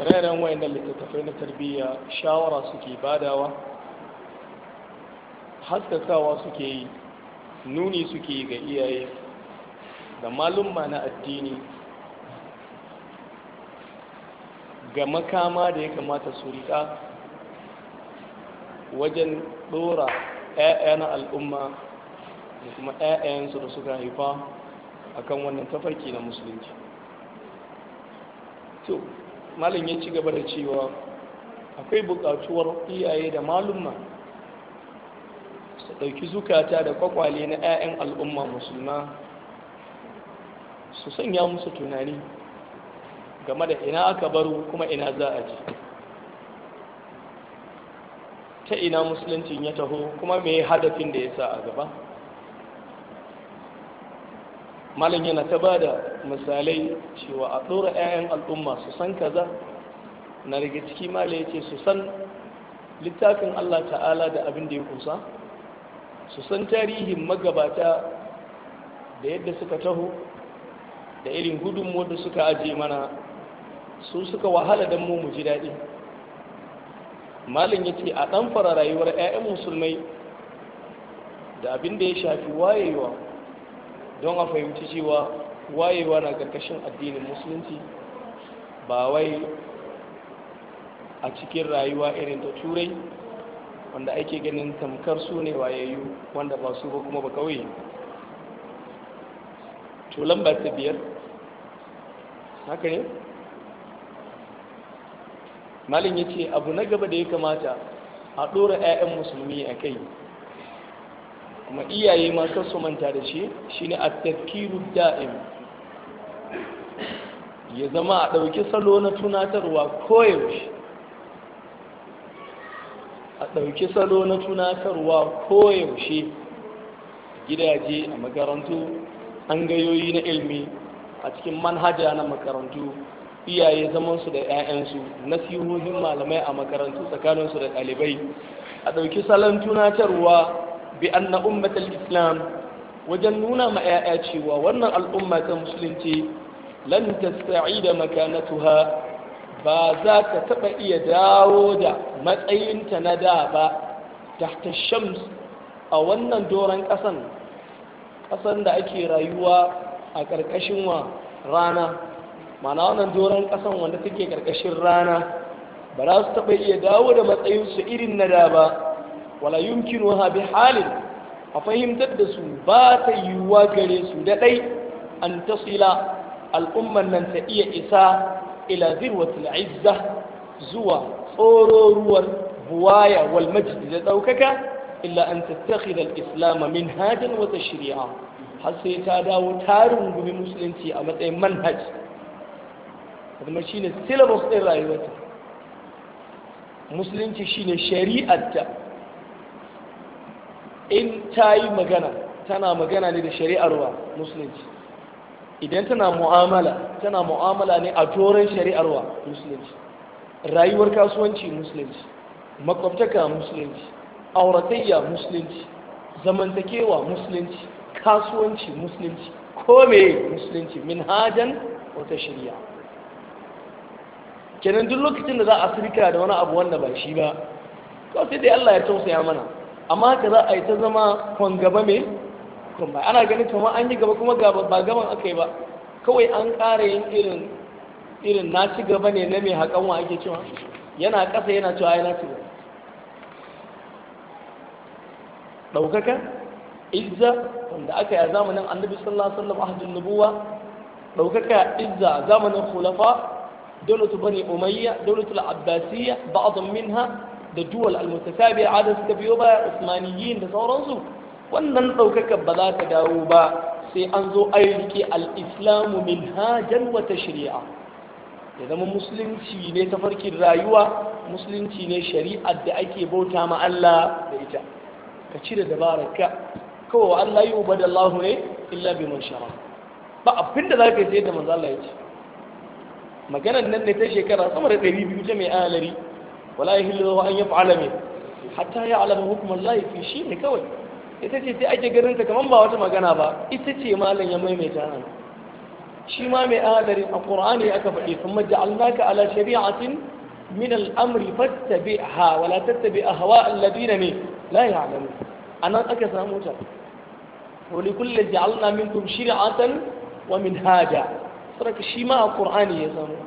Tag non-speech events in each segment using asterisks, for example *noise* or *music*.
ire-iren wayannan littattafai na tarbiyya shawara suke badawa haskakawa suke yi nuni suke ga iyaye da malumma na addini ga makama da ya kamata su rika wajen ɗora 'ya'ya na al'umma da kuma 'ya'yansu da suka haifa akan wannan tafarki na musulunci malam ya ci gaba da cewa akwai buƙatuwar iyaye da malumma su ɗauki zukata da kwakwale na 'ya'yan al'umma musulma su sanya musu tunani game da ina aka baro kuma ina za a ji ta ina Musulunci ya taho kuma mai hadafin da ya sa a gaba malam yana ta ba da misalai cewa a ɗora 'ya'yan al'umma su san kaza na daga ciki mala ya ce su san littafin allah ta'ala da abin da ya kusa su san tarihin magabata da yadda suka taho da irin gudunmu da suka aje mana su suka wahala don mu ji daɗi Malam ya ce a ɗan rayuwar 'ya'yan musulmai da abin da ya shafi wayewa don a fahimci cewa wayewa na ƙarƙashin addinin musulunci ba wai a cikin rayuwa irin ta turai wanda ake ganin tamkar su ne wayayyu wanda ba su ba kuma ba kawai to ba ta biyar haka ne malin ya ce abu na gaba da ya kamata a ɗora 'ya'yan musulmi a kai kuma iyaye ma kan su manta da shi shine a tafkiru da'im ya zama a ɗauki salo na tunatarwa koyaushe a ɗauki salo na tunatarwa koyaushe gidaje a makarantu gayoyi na ilmi a cikin manhaja na makarantu iyaye zamansu da 'ya'yansu nasihohin malamai a makarantu tsakaninsu da ɗalibai a ɗauki salon tunatarwa bi anna ummatal islam wajen nuna ma 'ya'ya cewa wannan al'umma ta musulunci lan tasta'ida makanatuha ba za ta taba iya dawo da matsayinta na da ba tahta shams a wannan doron kasan kasan da ake rayuwa a ƙarƙashin wa rana mana wannan doron kasan wanda take ƙarƙashin rana ba za su taba iya dawo da matsayinsu irin na da ba wala yumkinuha bi halin a fahimtar da su ba ta yiwuwa gare su da ɗai an tasila al'umman nan ta iya isa ila zirwatul izza zuwa tsororuwar buwaya wal majdi da ɗaukaka illa an tattakhidha al-islam minhajan wa tashri'a har sai ta dawo tarin gumi musulunci a matsayin manhaj kuma shine syllabus din rayuwarta musulunci shine shari'ar ta in ta yi magana tana magana ne da shari'ar wa musulunci idan tana mu'amala tana mu'amala ne a turan shari'ar wa musulunci rayuwar kasuwanci musulunci makwabtaka musulunci auratayya musulunci zamantakewa musulunci kasuwanci musulunci kome musulunci min minhajan wata shari'a kenan duk lokacin da za a sirka da wani abu wanda ba shi ba kawai sai dai Allah ya tausaya mana amma ka za a yi ta zama kwan gaba mai kwan ba ana ganin kuma an yi gaba kuma ba gaban aka yi ba kawai an ƙara yin irin na ci gaba ne na mai haƙan wa ake cewa yana ƙasa yana cewa ya na ci gaba ɗaukaka izza wanda aka yi a zamanin annabi sallallahu alaihi wasallam nubuwa ɗaukaka izza zamanin khulafa dawlatu bani umayya dawlatul abbasiyya ba'dhum minha da duwal almutasabi adan suka biyo ba usmaniyin da sauransu wannan ɗaukaka ba za ta dawo ba sai an zo aiki rike al'islamu min hajan wata shari'a ya zama musulunci ne tafarkin rayuwa musulunci ne shari'ar da ake bauta ma Allah da ita ka cire ka. kawai Allah yi ubada Allah ne illa bi man shara ba abin da zaka yi da manzo Allah ya ce maganar nan ne ta shekara sama da 200 ta mai alari wala ya hillu an yi alami hatta ya alama hukumar laifi shi ne kawai ita ce sai ake ganin ta kamar ba wata magana ba ita ce malam ya maimaita nan shi ma mai adarin a qur'ani aka faɗi kuma ja'alnaka ala shari'atin min al-amri fattabi'ha wala tattabi' ahwa alladina ne la ya'lamu anan aka samu ta wali kullu ja'alna minkum shir'atan wa minhaja sarka shi ma a qur'ani ya samu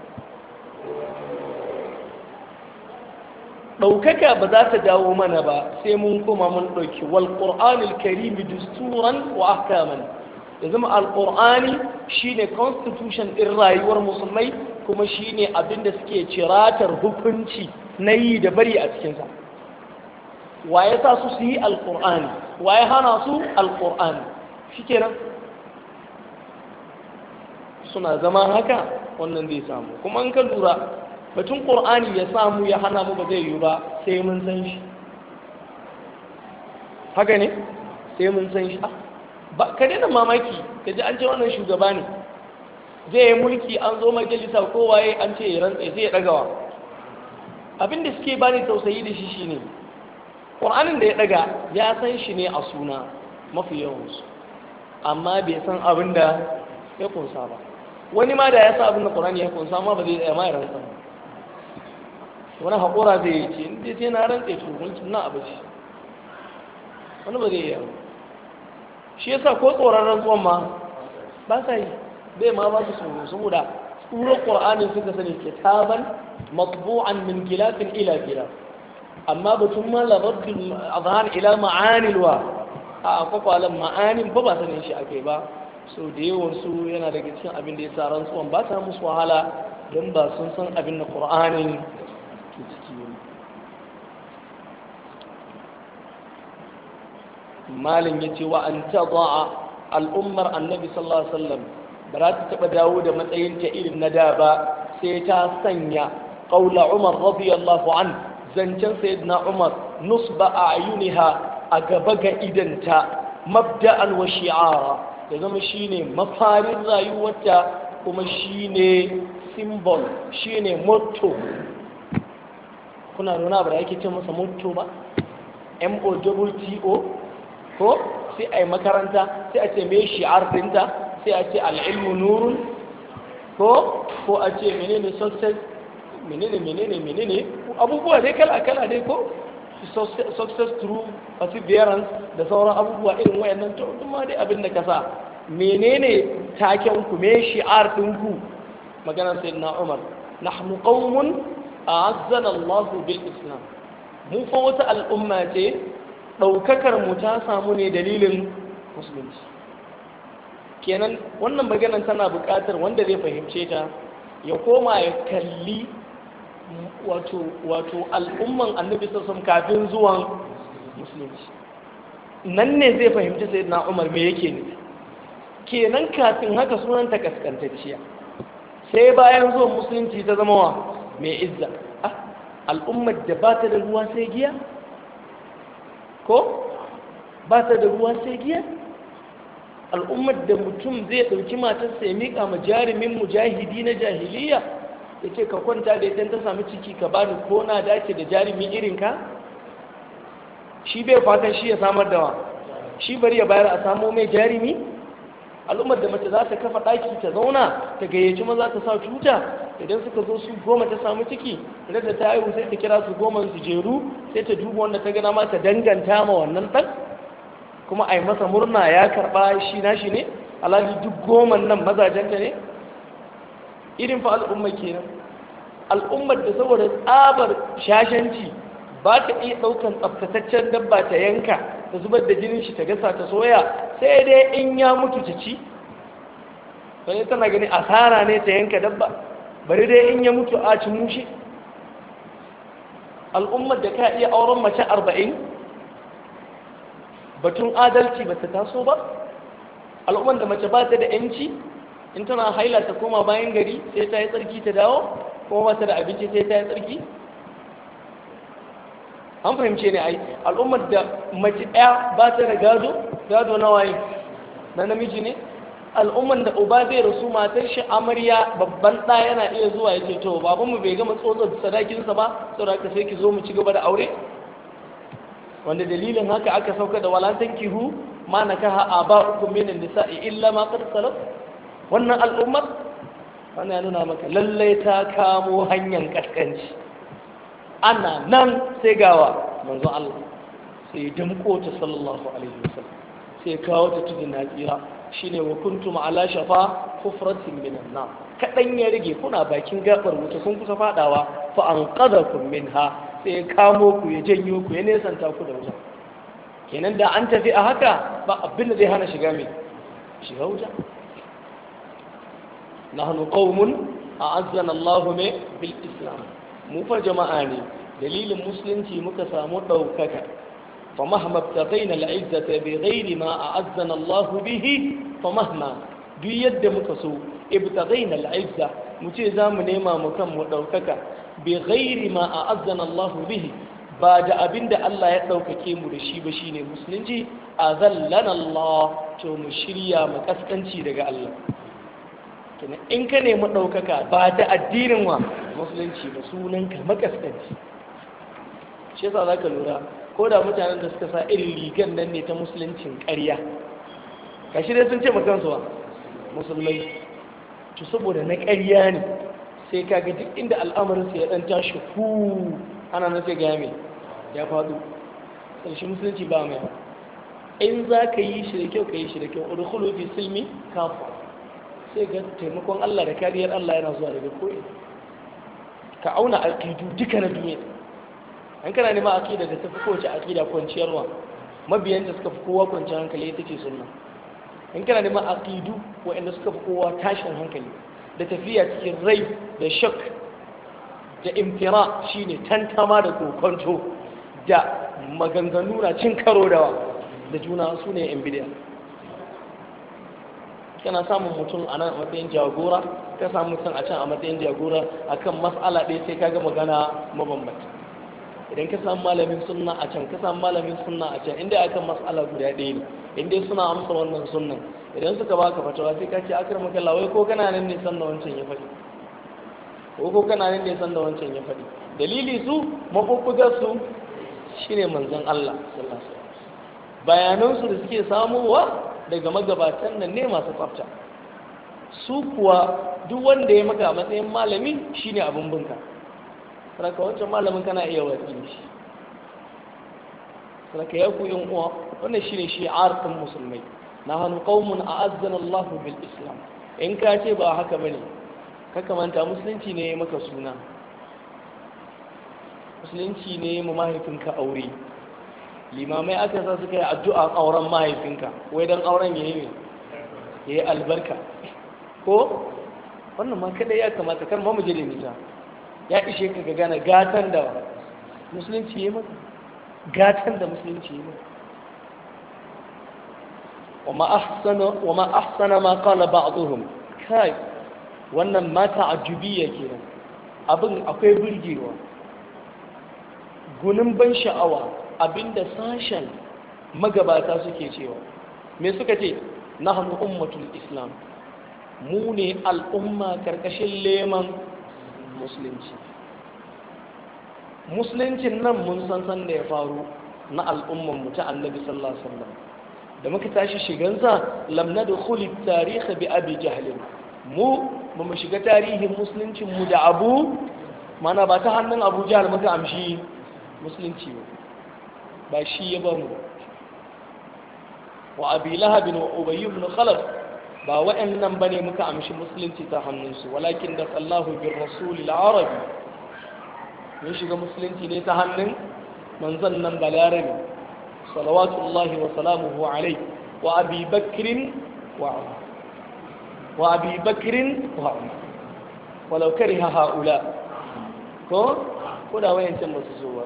ɗaukaka ba za ta dawo mana ba sai mun kuma mun ɗauki wal ƙur'anil karimi dusturan wa ahkaman ya zama alƙur'ani shine constitution ɗin rayuwar musulmai kuma shine abin da suke ciratar hukunci na yi da bari a cikinsa wa ya sa su su yi alƙur'ani wa ya hana su alƙur'ani shikenan suna zama haka wannan zai samu kuma in ka lura batun ƙur'ani ya samu ya hana mu ba zai yiwu ba sai mun san shi haka ne sai mun san shi ah, ba ka daina mamaki ka ji an ce wannan shugaba ne zai yi mulki an zo majalisa kowaye an ce ya rantsa sai ya ɗagawa abin da suke bani tausayi da shi shine ƙur'anin da ya ɗaga ya san shi ne a suna mafi yawansu amma bai san abin da ya kunsa ba wani ma da ya sa abin da ƙur'ani ya kunsa ma ba zai tsaya ma ya rantsa ba wani haƙura zai yi ce inda sai na rantse to mulkin na abu ce wani ba zai yi yawa shi yasa ko tsoron rantsuwan ma ba sa yi bai ma ba su tsoro saboda tsoron ƙur'anin suka sani taban matbu'an min gilafin ila gilaf amma batun ma labarin azhar ila ma'anilwa wa a kwakwalan ma'anin ba ba sanin shi akai ba so da yawan su yana daga cikin abin da ya sa rantsuwan ba ta musu wahala don ba sun san abin da ƙur'anin malin ya ce wa an al'ummar annabi sallallahu alaihi wasallam ba za ta taɓa dawo da matsayinta irin na da ba sai ta sanya ƙaula umar radiyallahu an zancen na umar nusba a yuniha a gaba ga idanta mabda'an wa shi'ara ya zama shine mafarin rayuwarta kuma shine symbol shine motto kuna nuna ba da yake ce masa motto ba m o w t o ko sai a yi makaranta sai a ce mai shi'ar ɗinta sai a ce al'ilmu nurun ko ko a ce menene success menene menene menene abubuwa dai kala kala dai ko success through perseverance da sauran abubuwa irin wayannan to kuma dai abin da kasa menene taken ku me shi'ar ɗinku maganar na Umar nahnu qaumun a'azzana Allahu bil Islam mu fa wata al'umma ce ɗaukakar mu ta samu ne dalilin musulunci kenan wannan maganar tana buƙatar wanda zai fahimce ta ya koma ya kalli wato al'umman annabi sassan kafin zuwan musulunci nan ne zai fahimci sai na umar me yake ne kenan kafin haka sunan ta kaskantacciya sai bayan zuwan musulunci ta zama wa mai izza ah, al'ummar da ba ta da ruwa sai giya ko ba ta da ruwa sai giya al'ummar da mutum zai ɗauki matarsa ya miƙa ma jarumin mujahidi na jahiliya ya ce ka kwanta da idan ta sami ciki ka ba ni ko na dace da jarumi irinka shi bai fatan shi ya samar da wa shi bari ya bayar a samo mai jarumi al'ummar da mace za ta kafa ɗaki ta zauna ta gayyaci maza ta sa cuta idan suka zo su goma ta samu ciki idan da ta haihu sai ta kira su goma su jeru sai ta duba wanda ta gana ma ta danganta ma wannan dan kuma a masa murna ya karba shi nashi ne alhali duk goma nan mazajen ta ne irin fa al'umma kenan al'ummar da saboda tsabar shashanci ba ta iya ɗaukan tsabtataccen dabba ta yanka ta zubar da jinin shi ta gasa ta soya sai dai in ya mutu ta ci sai tana gani asara ne ta yanka dabba bari dai in ya mutu a cin mushi al'ummar da ka iya auren mace arba'in batun adalci ba ta taso ba al'ummar da mace ba ta da yanci in tana haila ta koma bayan gari sai ta yi tsarki ta dawo kuma ba ta da abinci sai ta yi tsarki an fahimce ne ai al'ummar da mace ɗaya ba ta da gado gado na waye na namiji ne Al'ummar da uba zai rasu matar shi amarya babban ɗa yana iya zuwa ya ce to mu bai gama tsotsar sadakinsa ba saboda sai ki zo mu ci gaba da aure wanda dalilin haka aka sauka da walatan kihu ma na kaha a ba uku minin nisa'i illa ma kar salau wannan al'ummar ya nuna maka lallai ta kamo hanyar kaskanci ana nan sai gawa manzo Allah sai damko ta sallallahu alaihi wasallam sai kawo ta tudu na tsira shine wa kuntum ala shafa hufratin minan nar kadan ya rage kuna bakin gabar wuta kun kusa fadawa fa anqadhakum minha sai kamo ku ya janyo ku ya nesanta ku da wuta kenan da an tafi a haka ba abin da zai hana shiga mai shiga wuta nahnu qaumun a'azzana Allahu me bil islam mu fa jama'a ne dalilin musulunci muka samu ɗaukaka. فمهما ابتغينا العزة بغير ما أعزنا الله به فمهما duk yadda muka so ibtaghaina al'izza mu ce za mu nema mu kan mu ɗaukaka bi ghairi ma a'azzana Allahu bihi ba da abinda Allah ya ɗaukake mu da shi ba shine musulunci azallana Allah to mu shirya mu kaskanci daga Allah kenan in ka nemi ɗaukaka ba da addinin wa musulunci ba sunan ka makaskanci shi yasa zaka lura ko da mutanen da suka sa irin rigan nan ne ta musuluncin ƙarya Ka dai sun ce kansu ba musulmai to saboda na ƙarya ne sai kaga duk inda su ya ɗan tashi hu ana na sai game ya faɗo ƙarshe musulunci ba mai in za ka yi shi da kyau ka yi shi da kyau urkulu fi silmi kafa sai ga taimakon Allah da kariyar Allah yana zuwa daga ko'ina ka auna alƙidu duka na duniya an kana nema aqida da tafi kowace aqida kwanciyarwa mabiyanta suka fi kowa kwanciyar hankali ita ce sunna an kana nema aqidu waɗanda suka fi kowa tashin hankali da tafiya cikin rai da shak da imtira shine tantama da kokonto da maganganu na cin karo dawa da juna su ne yan bidiya kana samun mutum a nan a matsayin jagora ka samu mutum a can a matsayin jagora akan mas'ala ɗaya sai ka ga magana mabambanta idan ka samu malamin sunna a can ka samu malamin sunna a can inda aka mas'ala guda ɗaya ne inda suna amsa wannan sunnan idan suka baka fatawa sai ka ce akrama kallah wai ko kana nan ne san da wancan ya faɗi ko ko kana nan ne san da wancan ya faɗi dalili su mafuffugar su shine manzon Allah sallallahu alaihi wasallam bayanan su da suke samuwa daga magabatan nan ne masu tsafta su kuwa duk wanda ya maka matsayin malami shine abun bunka raka wancan malamin kana iya watsi shi raka ya ku yan uwa wannan shine shi'ar din musulmai na hanu a a'azzana Allah bil islam in ka ce ba haka bane ka kamanta musulunci ne maka suna musulunci ne mu mahaifinka aure limamai aka sa suka yi addu'a auren mahaifinka wai dan auren ya ne yi albarka ko wannan ma kada ya kamata kar ma mu je da nisa ya ishe ka ga gane gatan da musulunci ya maka gatan da musulunci ya maka wa ma ahsana ma qala ba'dhum kai wannan mata ajubiya nan abin akwai burgewa gunin ban sha'awa abinda sashen magabata suke cewa me suka ce nahnu ummatul islam mu ne al'umma karkashin leman musulunci musuluncin nan mun san san da ya faru na al'umman mu ta annabi sallallahu alaihi wasallam da muka tashi shigansa lam nadkhuli tarikh bi abi jahl mu mu shiga tarihin musuluncin mu da abu mana ba ta hannun abu jahl muka amshi musulunci ba ba shi ya ba mu wa abi lahab wa ubay ibn khalaf ba waɗannan bane muka amshi musulunci ta hannunsu walakin da tsallahu bin rasulil arabi mun shiga musulunci ne ta hannun manzon nan balarabi salawatullahi wa salamuhu alai wa abi bakrin wa umar wa abi bakrin wa umar walau kariha haula ko ko da wayancan ba su zo ba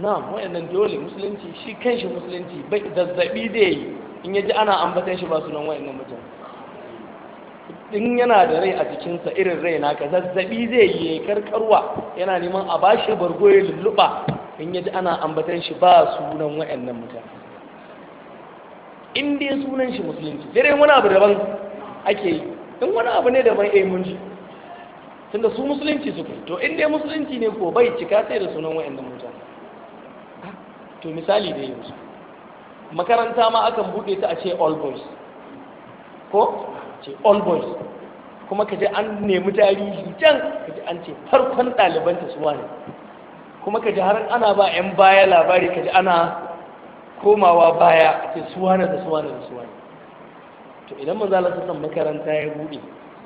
na'am wayannan dole musulunci shi kanshi musulunci bai zazzabi da yi in ya ji ana ambatan shi ba sunan wa'annan mutum in yana da rai a cikinsa irin rai ka zazzabi zai yi karkarwa yana neman a bashi bargo ya lulluɓa in ya ji ana ambatan shi ba sunan wa'annan mutane in dai sunan shi musulunci dare wani abu daban ake yi in wani abu ne daban ai eh, mun ji tunda su musulunci suka to in dai musulunci ne ko bai cika sai da sunan wa'annan mutum ah, to misali dai yanzu makaranta ma akan buɗe ta a ce all boys ko ce all boys kuma kaje an nemi tarihi can kaje an ce farkon ɗalibanta su wane kuma kaje har ana ba 'yan baya labari kaje ana komawa baya ce su wane da su wane da su wane to idan manzo Allah san makaranta ya buɗe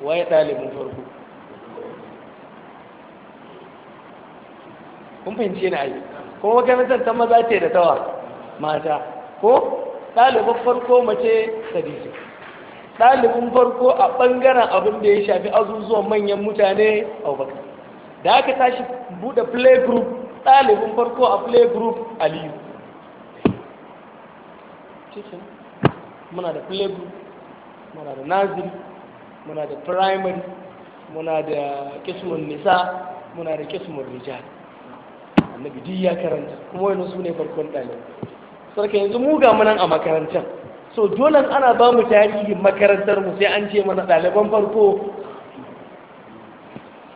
waye ɗalibin farko kun fahimci ni ai kuma makarantar ta maza ce da tawa mata ko ɗaliban farko mace khadija ɗalibin farko a ɓangaren abin da ya shafi azuzuwan manyan mutane a abubakar da aka tashi buɗe play group ɗalibin farko a play group aliyu cikin muna da play group muna da nazir muna da primary muna da kismun nisa muna da kismun rijal annabi duk ya karanta kuma wani su ne farkon ɗalibin sarka yanzu mu ga munan a makarantar so dole ana ba mu tarihin makarantar mu sai an ce mana ɗaliban farko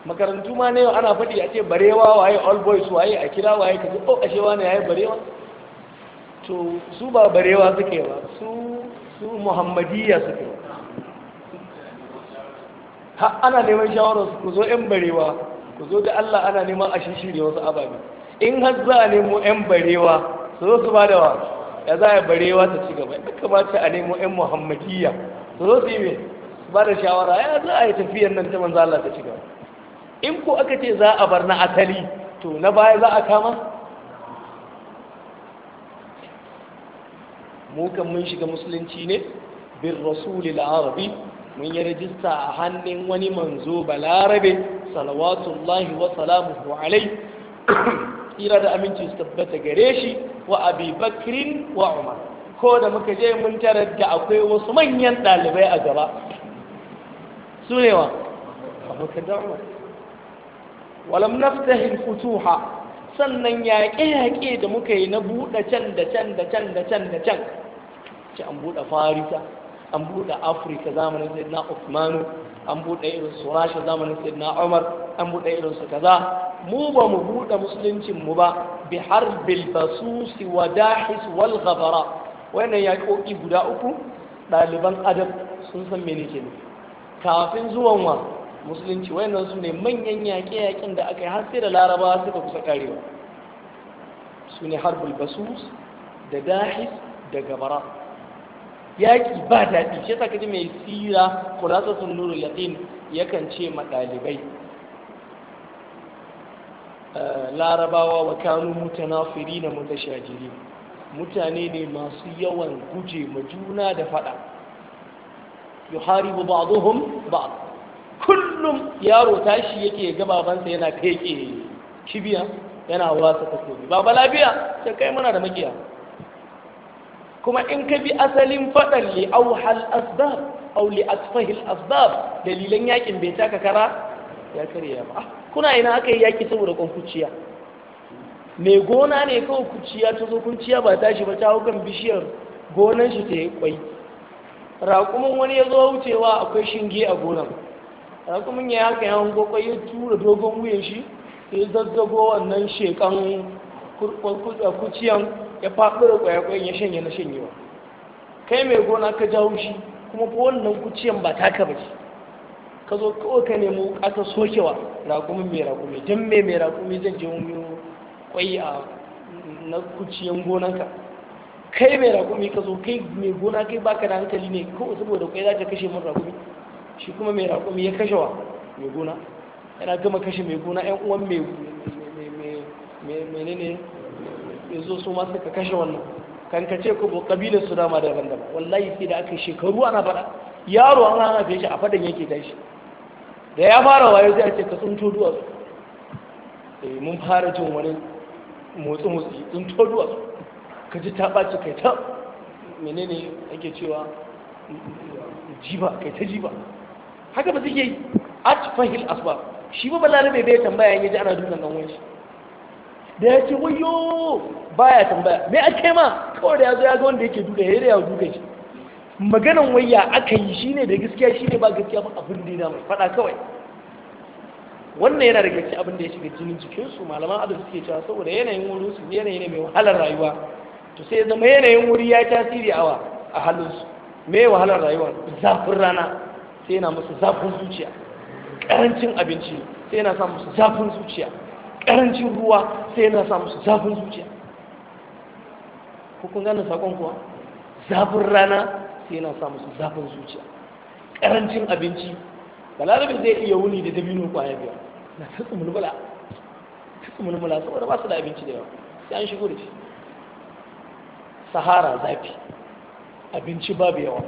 makarantu ma ne ana faɗi a ce barewa waye all boys waye a kira waye ka ji oh ashe wani yayi barewa to su ba barewa suke ba su su muhammadiyya suke ha ana neman shawara su ku zo yan barewa ku zo da Allah ana neman a shirye wasu ababe in har za a nemo yan barewa su zo su ba da wa ya za a ta ci gaba ya kamata a nemo yan muhammadiyya su zo su yi mai su ba da shawara ya za a yi tafiyar nan ta manzo Allah ta ci gaba in ko aka ce za a bar na asali to na baya za a kama mu kan mun shiga musulunci ne bin rasulil arabi mun yi rajista a hannun wani manzo balarabe salawatullahi wa salamuhu alai tsira da aminci su tabbata gare shi wa abi bakrin wa umar ko da muka je mun tarar da akwai wasu manyan ɗalibai a gaba su ne wa abokan da umar walam naftahil futuha sannan yaƙe-yaƙe da muka yi na buɗe can da can da can da can da can ci an buɗe farisa an buɗe afirka zamanin na usmanu an buɗe irin su rashin zamanin sayyidina umar an buɗe irin su kaza mu ba mu buɗe musuluncin mu ba bi harbil basusi wa dahis wal ghabara wannan yaƙoƙi guda uku ɗaliban adab sun san mene ke ne kafin zuwan wa musulunci wayannan su ne manyan yaƙe-yaƙen da aka yi har sai da larabawa suka kusa karewa su ne harbul basus da dahis da gabara yaƙi ba daɗi shi yasa kaji mai tsira sun nuru yaƙin? yakan ce ma ɗalibai eh, larabawa wa kanu mutanafiri na mutashajiri mutane ne masu yawan guje ma juna da faɗa yuharibu ba'dhum ba. kullum yaro tashi yake ga babansa yana feke kibiya yana wasa ta takobi baba lafiya sai kai muna da makiya kuma in ka bi asalin faɗan li auhal asbab au li asfahil asbab dalilan yaƙin bai taka kara ya karya ba ah, kuna ina aka yi yaki saboda kon kuciya mai gona ne kawai kuciya ta zo kuciya ba tashi ba ta kan bishiyar gonan shi ta yi kwai raƙumin wani ya zo wucewa akwai shinge a gonan raƙumin ya haka ya hango kwai ya tura dogon wuyan shi ya zazzago wannan shekan kuciyan ya faɗo da ƙwayaƙwayen ya shanye na shanyewa kai mai gona ka jawo shi kuma ko wannan kuciyan ba taka ba ce ka zo kawai ka nemo aka sokewa raƙumin mai raƙumi don mai mai raƙumi zan je wani kwayi a na kuciyan gonanka kai mai raƙumi ka zo kai mai gona kai baka da hankali ne kawai saboda kwayi za ta kashe min raƙumi shi kuma mai raƙumi ya kashe wa mai gona yana gama kashe mai gona 'yan uwan mai menene yanzu su ma suka kashe wannan kan ka ce ko kabilar su dama daban daban wallahi sai da aka shekaru ana faɗa yaro an haife shi a fadan yake tashi da ya fara wayo zai ce ka tsunto duwatsu eh mun fara jin wani motsi motsi tsunto duwatsu ka ji ta ɓaci kai ta menene ake cewa jiba kai ta jiba haka ba suke yi atfahil asbab shi ba balarabe bai tambaya yaji ana dukan shi. da ya ce wayo baya tambaya me ake ma kawai da ya zo ya zo wanda yake duka ya da ya duka shi maganan wayya aka yi shi ne da gaskiya shi ne ba gaskiya ba abin da yana mai faɗa kawai wannan yana da gaske abin da ya shiga jinin jikinsu malaman adam suke cewa saboda yanayin wurin su yanayi ne mai wahalar rayuwa to sai zama yanayin wuri ya tasiri awa a halinsu me wahalar rayuwa zafin rana sai yana musu zafin zuciya karancin abinci sai yana sa musu zafin zuciya karancin ruwa sai yana samu su zafin zuciya kun gane sakon kuwa zafin rana sai yana samu su zafin zuciya karancin abinci balarabe zai iya wuni da dabino kwaya biyar na ta mulmula ta mulmula saboda ba su da abinci da yawa sai an shigo da shi sahara zafi abinci babu yawa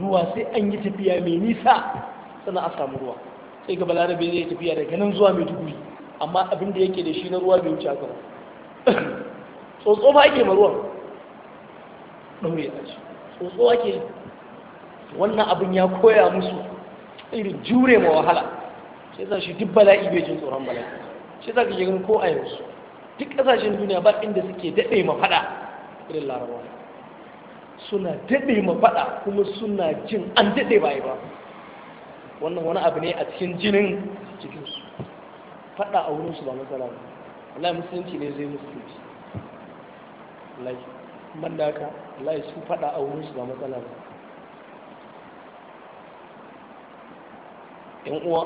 ruwa sai an yi tafiya mai nisa sannan a samu ruwa sai ga balarabe zai tafiya daga nan zuwa maiduguri amma abin da yake da shi na ruwa bai wuce haka ba tsotso ba ake ma ruwan ɗaure a ci tsotso ake wannan abin ya koya musu irin jure ma wahala sai za shi duk bala'i bai jin tsoron bala'i sai za ka yi ko a yanzu duk ƙasashen duniya ba inda suke daɗe ma faɗa irin larabawa suna daɗe ma faɗa kuma suna jin an daɗe ba yi ba wannan wani abu ne a cikin jinin cikinsu faɗa a wurinsu ba matsala ba wallahi musulunci ne zai musulunci wallahi man da haka wallahi su faɗa a wurinsu ba matsala ba yan uwa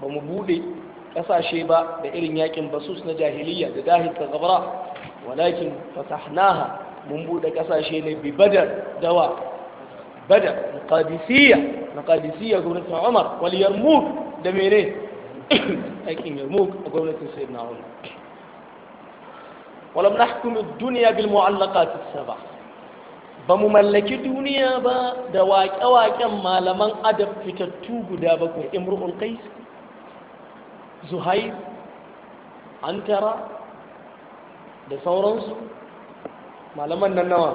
ba mu buɗe ƙasashe ba da irin yakin basus na jahiliya da dahil ta zabara walakin fatahnaha mun buɗe ƙasashe ne bi badar dawa badar qadisiyya na qadisiyya gwamnatin umar wal yarmouk da mene *coughs* aikin yarmouk a gwamnatin na wani walam na duniya bil mu'allaka as-sab'a ba mu mallaki duniya ba da waƙe-waƙen malaman adab fitattu guda bakwai imru'ul qais zuhair antara da sauransu malaman nan nawa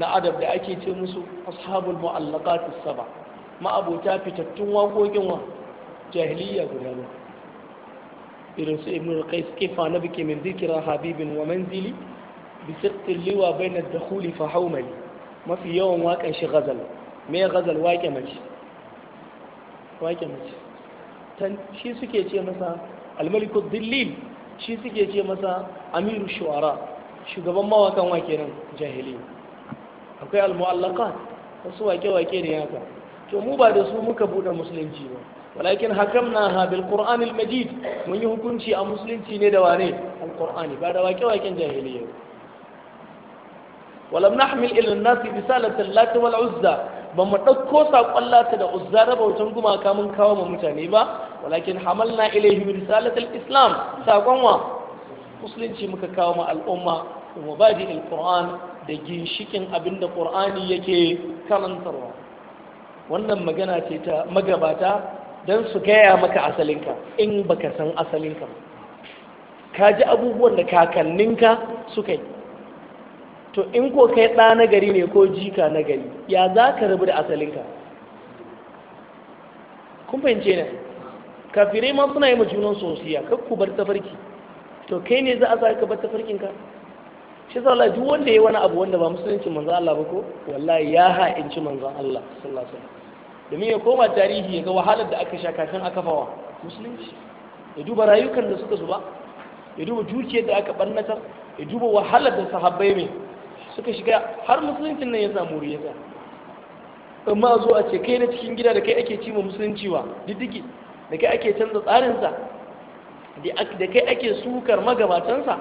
na adab da ake ce musu ashabul mu'allaqat as-sab'a ma'abuta fitattun waƙoƙin wa jahiliya guda bakwai irin su ibn al-qais kifa na bike min zikira habibin wa manzili bi siqtin liwa bayna dakhuli fa haumali mafi yawan waƙan shi ghazal me ghazal waƙe mace waƙe mace tan shi suke ce masa al-maliku dillil shi suke ce masa amiru shu'ara shugaban mawakan wake nan jahili akwai al-mu'allaqat wasu wake-wake ne haka to mu ba da su muka buɗe musulunci ba walakin hakamnaha na qur'an al majid mun yi hukunci a musulunci ne da wane al qur'ani ba da wake waken jahiliya walam nahmil ila an-nas bisalatan lat wal uzza ba mu dauko sakon lata da uzza da bautan gumaka mun kawo mu mutane ba walakin na ilayhi risalatal islam sakon wa musulunci muka kawo ma al'umma mubadi al-Qur'an da ginshikin abinda ƙur'ani yake karantarwa wannan magana ce ta magabata don su gaya maka asalinka in baka san asalinka ka ji abubuwan da kakanninka suka yi to in ko kai ɗa na gari ne ko jika na gari ya za ka rabu da asalinka kun fahimce ne kafirai ma suna yi junan sosiya kar ku bar tafarki to kai ne za a sa ka bar tafarkinka shi sa duk wanda ya wani abu wanda ba musulunci manzo Allah ba ko wallahi ya ha'inci manzo Allah sallallahu alaihi wasallam domin ya koma tarihi ya ga wahalar da aka sha kafin aka fawa musulunci ya duba rayukan da suka zuba ya duba dukiyar da aka barnatar ya duba wahalar da sahabbai mai suka shiga har musuluncin nan ya samu riyata amma zo a ce kai na cikin gida da kai ake cima musulunci wa diddigi da kai ake canza tsarinsa da kai ake sukar magabatansa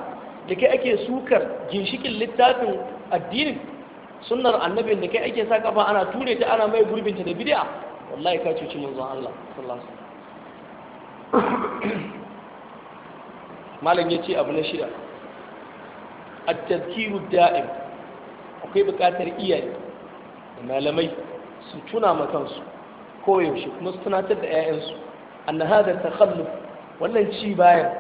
da kai ake sukar ginshikin littafin addinin sunnar annabin da kai ake sa kafa ana ture ta ana mai gurbin da bid'a wallahi ka cuci manzon Allah sallallahu alaihi wasallam malam yace abu na shida at-tadhkiru da'im akwai bukatar iyaye da malamai su tuna ma kansu koyaushe kuma su tunatar da 'ya'yansu an hada takhalluf wannan ci bayan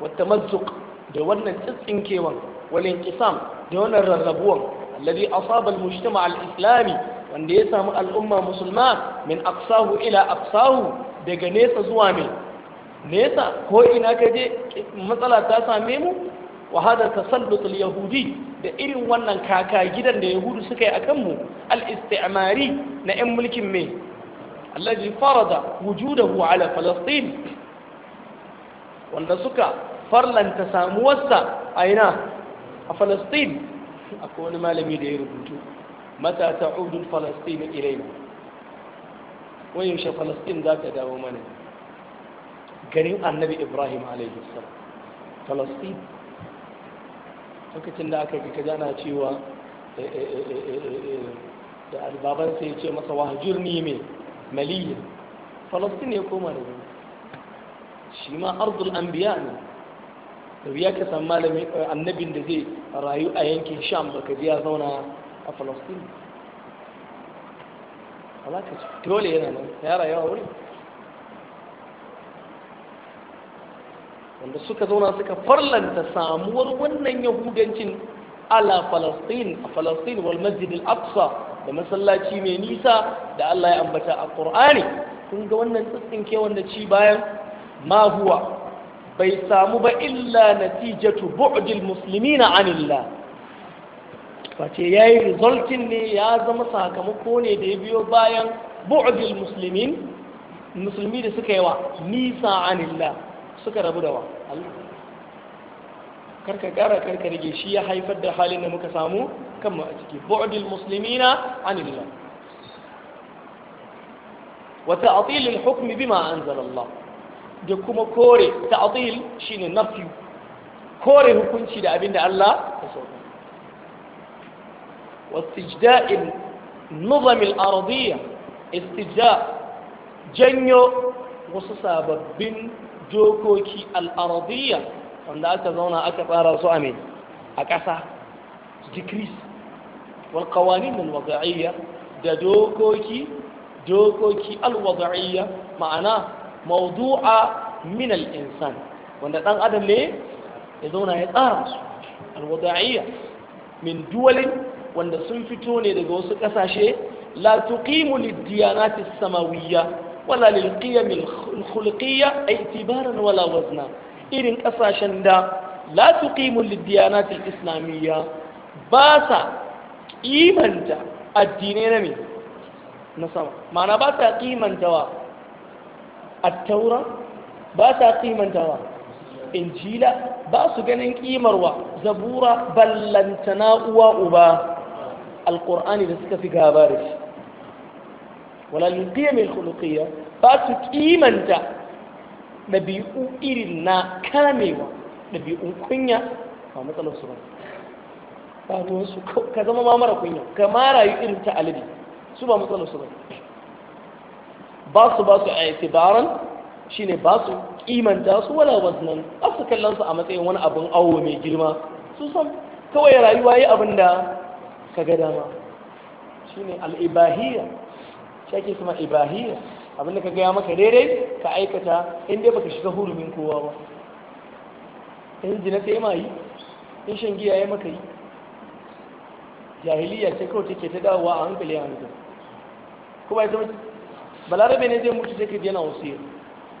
wata mazzuk da wannan tsitsinkewan walin kisam da wannan rarrabuwan alladhi asaba al-mujtama al-islami wanda ya samu al'umma musulma min aksahu ila aksahu daga nesa zuwa mai nesa ko ina ka je matsala ta same mu wa hada tasallutul yahudi da irin wannan kaka gidan da yahudu suka yi akan mu al na 'yan mulkin mai allazi farada wujudahu ala falastin wanda suka farlanta samuwarsa a ina a falastin akwai wani malami da ya rubutu mata ta udul falastin ilaina wani yaushe za ta dawo mana garin annabi ibrahim alaihi salam lokacin da aka kika jana cewa eh, eh, eh, da albabansa ya ce masa wahajir ni mai maliyin falastin ya koma da shi ma arzul biya ne da biya ka san malami eh, annabin da zai rayu a yankin sham baka ji zauna a falastin ka dole yana nan ya rayuwa wuri wanda suka zauna suka farlanta samuwar wannan yahudancin ala falastin a falastin wal masjid al-aqsa da masallaci mai nisa da Allah ya ambata a Qur'ani kun ga wannan tsitsin kewan wanda ci bayan ma bai samu ba illa natijatu bu'dil muslimina anillah face yayi yi resultin ne ya zama sakamako ne da ya biyo bayan bu'dil muslimin musulmi da suka yi wa nisa anillah suka rabu da wa karka kara karka rage shi ya haifar da halin da muka samu kanmu a ciki bu'dil muslimina anillah wa ta'til al-hukm bima anzala da kuma kore ta'dil shine nafi kore hukunci da abinda Allah ya sauka واستجداء النظم الأرضية استجداء جنيو وصصاب بن جوكوكي الأرضية wanda aka zauna aka tsara su a mai a ƙasa decrease wal qawanin al wada'iyya da dokoki dokoki al wada'iyya ma'ana mawdu'a min al-insan wanda dan adam ne ya zauna ya tsara su al-wada'iyya min duwalin wanda sun fito ne daga wasu kasashe la tuqimu lid-diyanati samawiyya wala lil-qiyam al-khulqiyya i'tibaran wala wazna irin kasashen da la tuqimu lid-diyanati al-islamiyya ba sa kimanta addinai na me na sama ma'ana ba sa kimanta wa attaura ba sa kimantawa injila ba su ganin kimarwa zabura ballantana uwa uba alƙur'ani da suka fi gaba da shi walalƙiya mai kulukiyya ba su kimanta dabi'u irin na kamewa ɗabi'un kunya ba su ba ba su ka zama ma mara kunya ka ma irin ta alibi su ba su ba ba su ba su a itibaran shine ba su kimanta su wala wasnan ba su kallon su a matsayin wani abin awo mai girma su san kawai rayuwa yi abin da ka ga dama shine al shi ake kuma ibahiyya abin da ka gaya maka daidai ka aikata inda baka shiga hurumin kowa ba in na ta yi ma yi in shan giya ya maka yi jahiliya ce kawai take ta dawowa a hankali a hankali kuma ya zama balarabe ne zai mutu sai ka yana yau.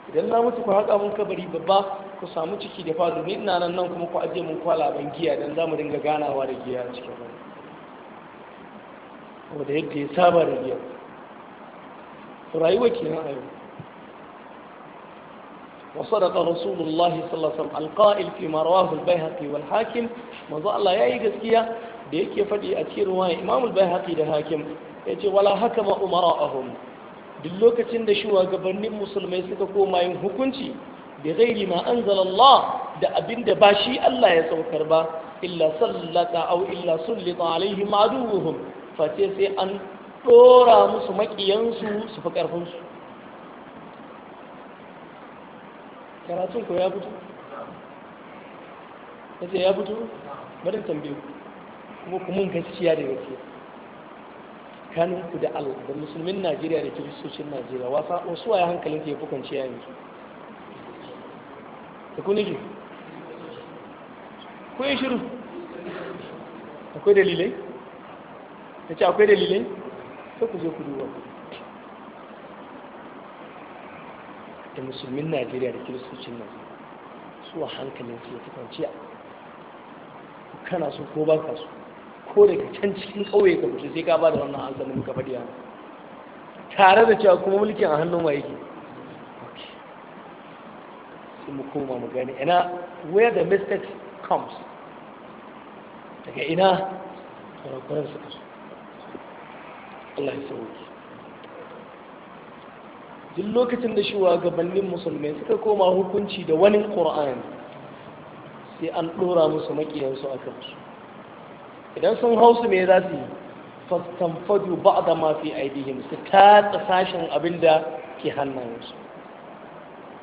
idan na mutu ku haƙa mun kabari babba ku samu ciki da fadu ni ina nan nan kuma ku ajiye mun ban giya dan za mu dinga ganawa da giya cikin wani wanda yadda ya saba da giya rayuwa kenan a yau وصدق رسول الله صلى الله عليه وسلم القائل فيما رواه البيهقي والحاكم منذ الله يا يغسكيا da yake faɗi a cikin ruwa imam al-bayhaqi da hakim yace wala hakama umara'ahum duk lokacin da shugabannin musulmai suka koma yin hukunci da ghairi ma an anzalallah da abinda ba shi Allah ya saukar ba illa sallata aw illa sullita alaihim aduwwuhum face sai an dora musu makiyansu su fi karfin su karatun ko ya fito ya ce ya fito bari tambayo Kuma kuma kuma gaskiya da gaskiya ku da Allah da musulmin Najeriya da kiristocin Najeriya wasu waye hankalin ke fi kwanciya yanzu da ku nake ku yi shiru akwai dalilai ta ce akwai dalilai sai ku je ku duba da musulmin Najeriya da kiristocin Najeriya su wa hankalin ke fi kwanciya kana so ko ba ka so ko daga can cikin kauye ka fito sai ka ba da wannan ansa da muka tare da cewa kuma mulkin a hannun wa sai mu koma mu gani ina where the mistake comes daga ina kurakuran suka kasu Allah ya sauki duk lokacin da shi gabanin musulmai suka koma hukunci da wani ƙur'ani sai an ɗora musu maƙiyansu a kansu idan sun hau su me za su yi fastanfadu ba'da ma fi aidihim su ta tsashin abin da ke hannayensu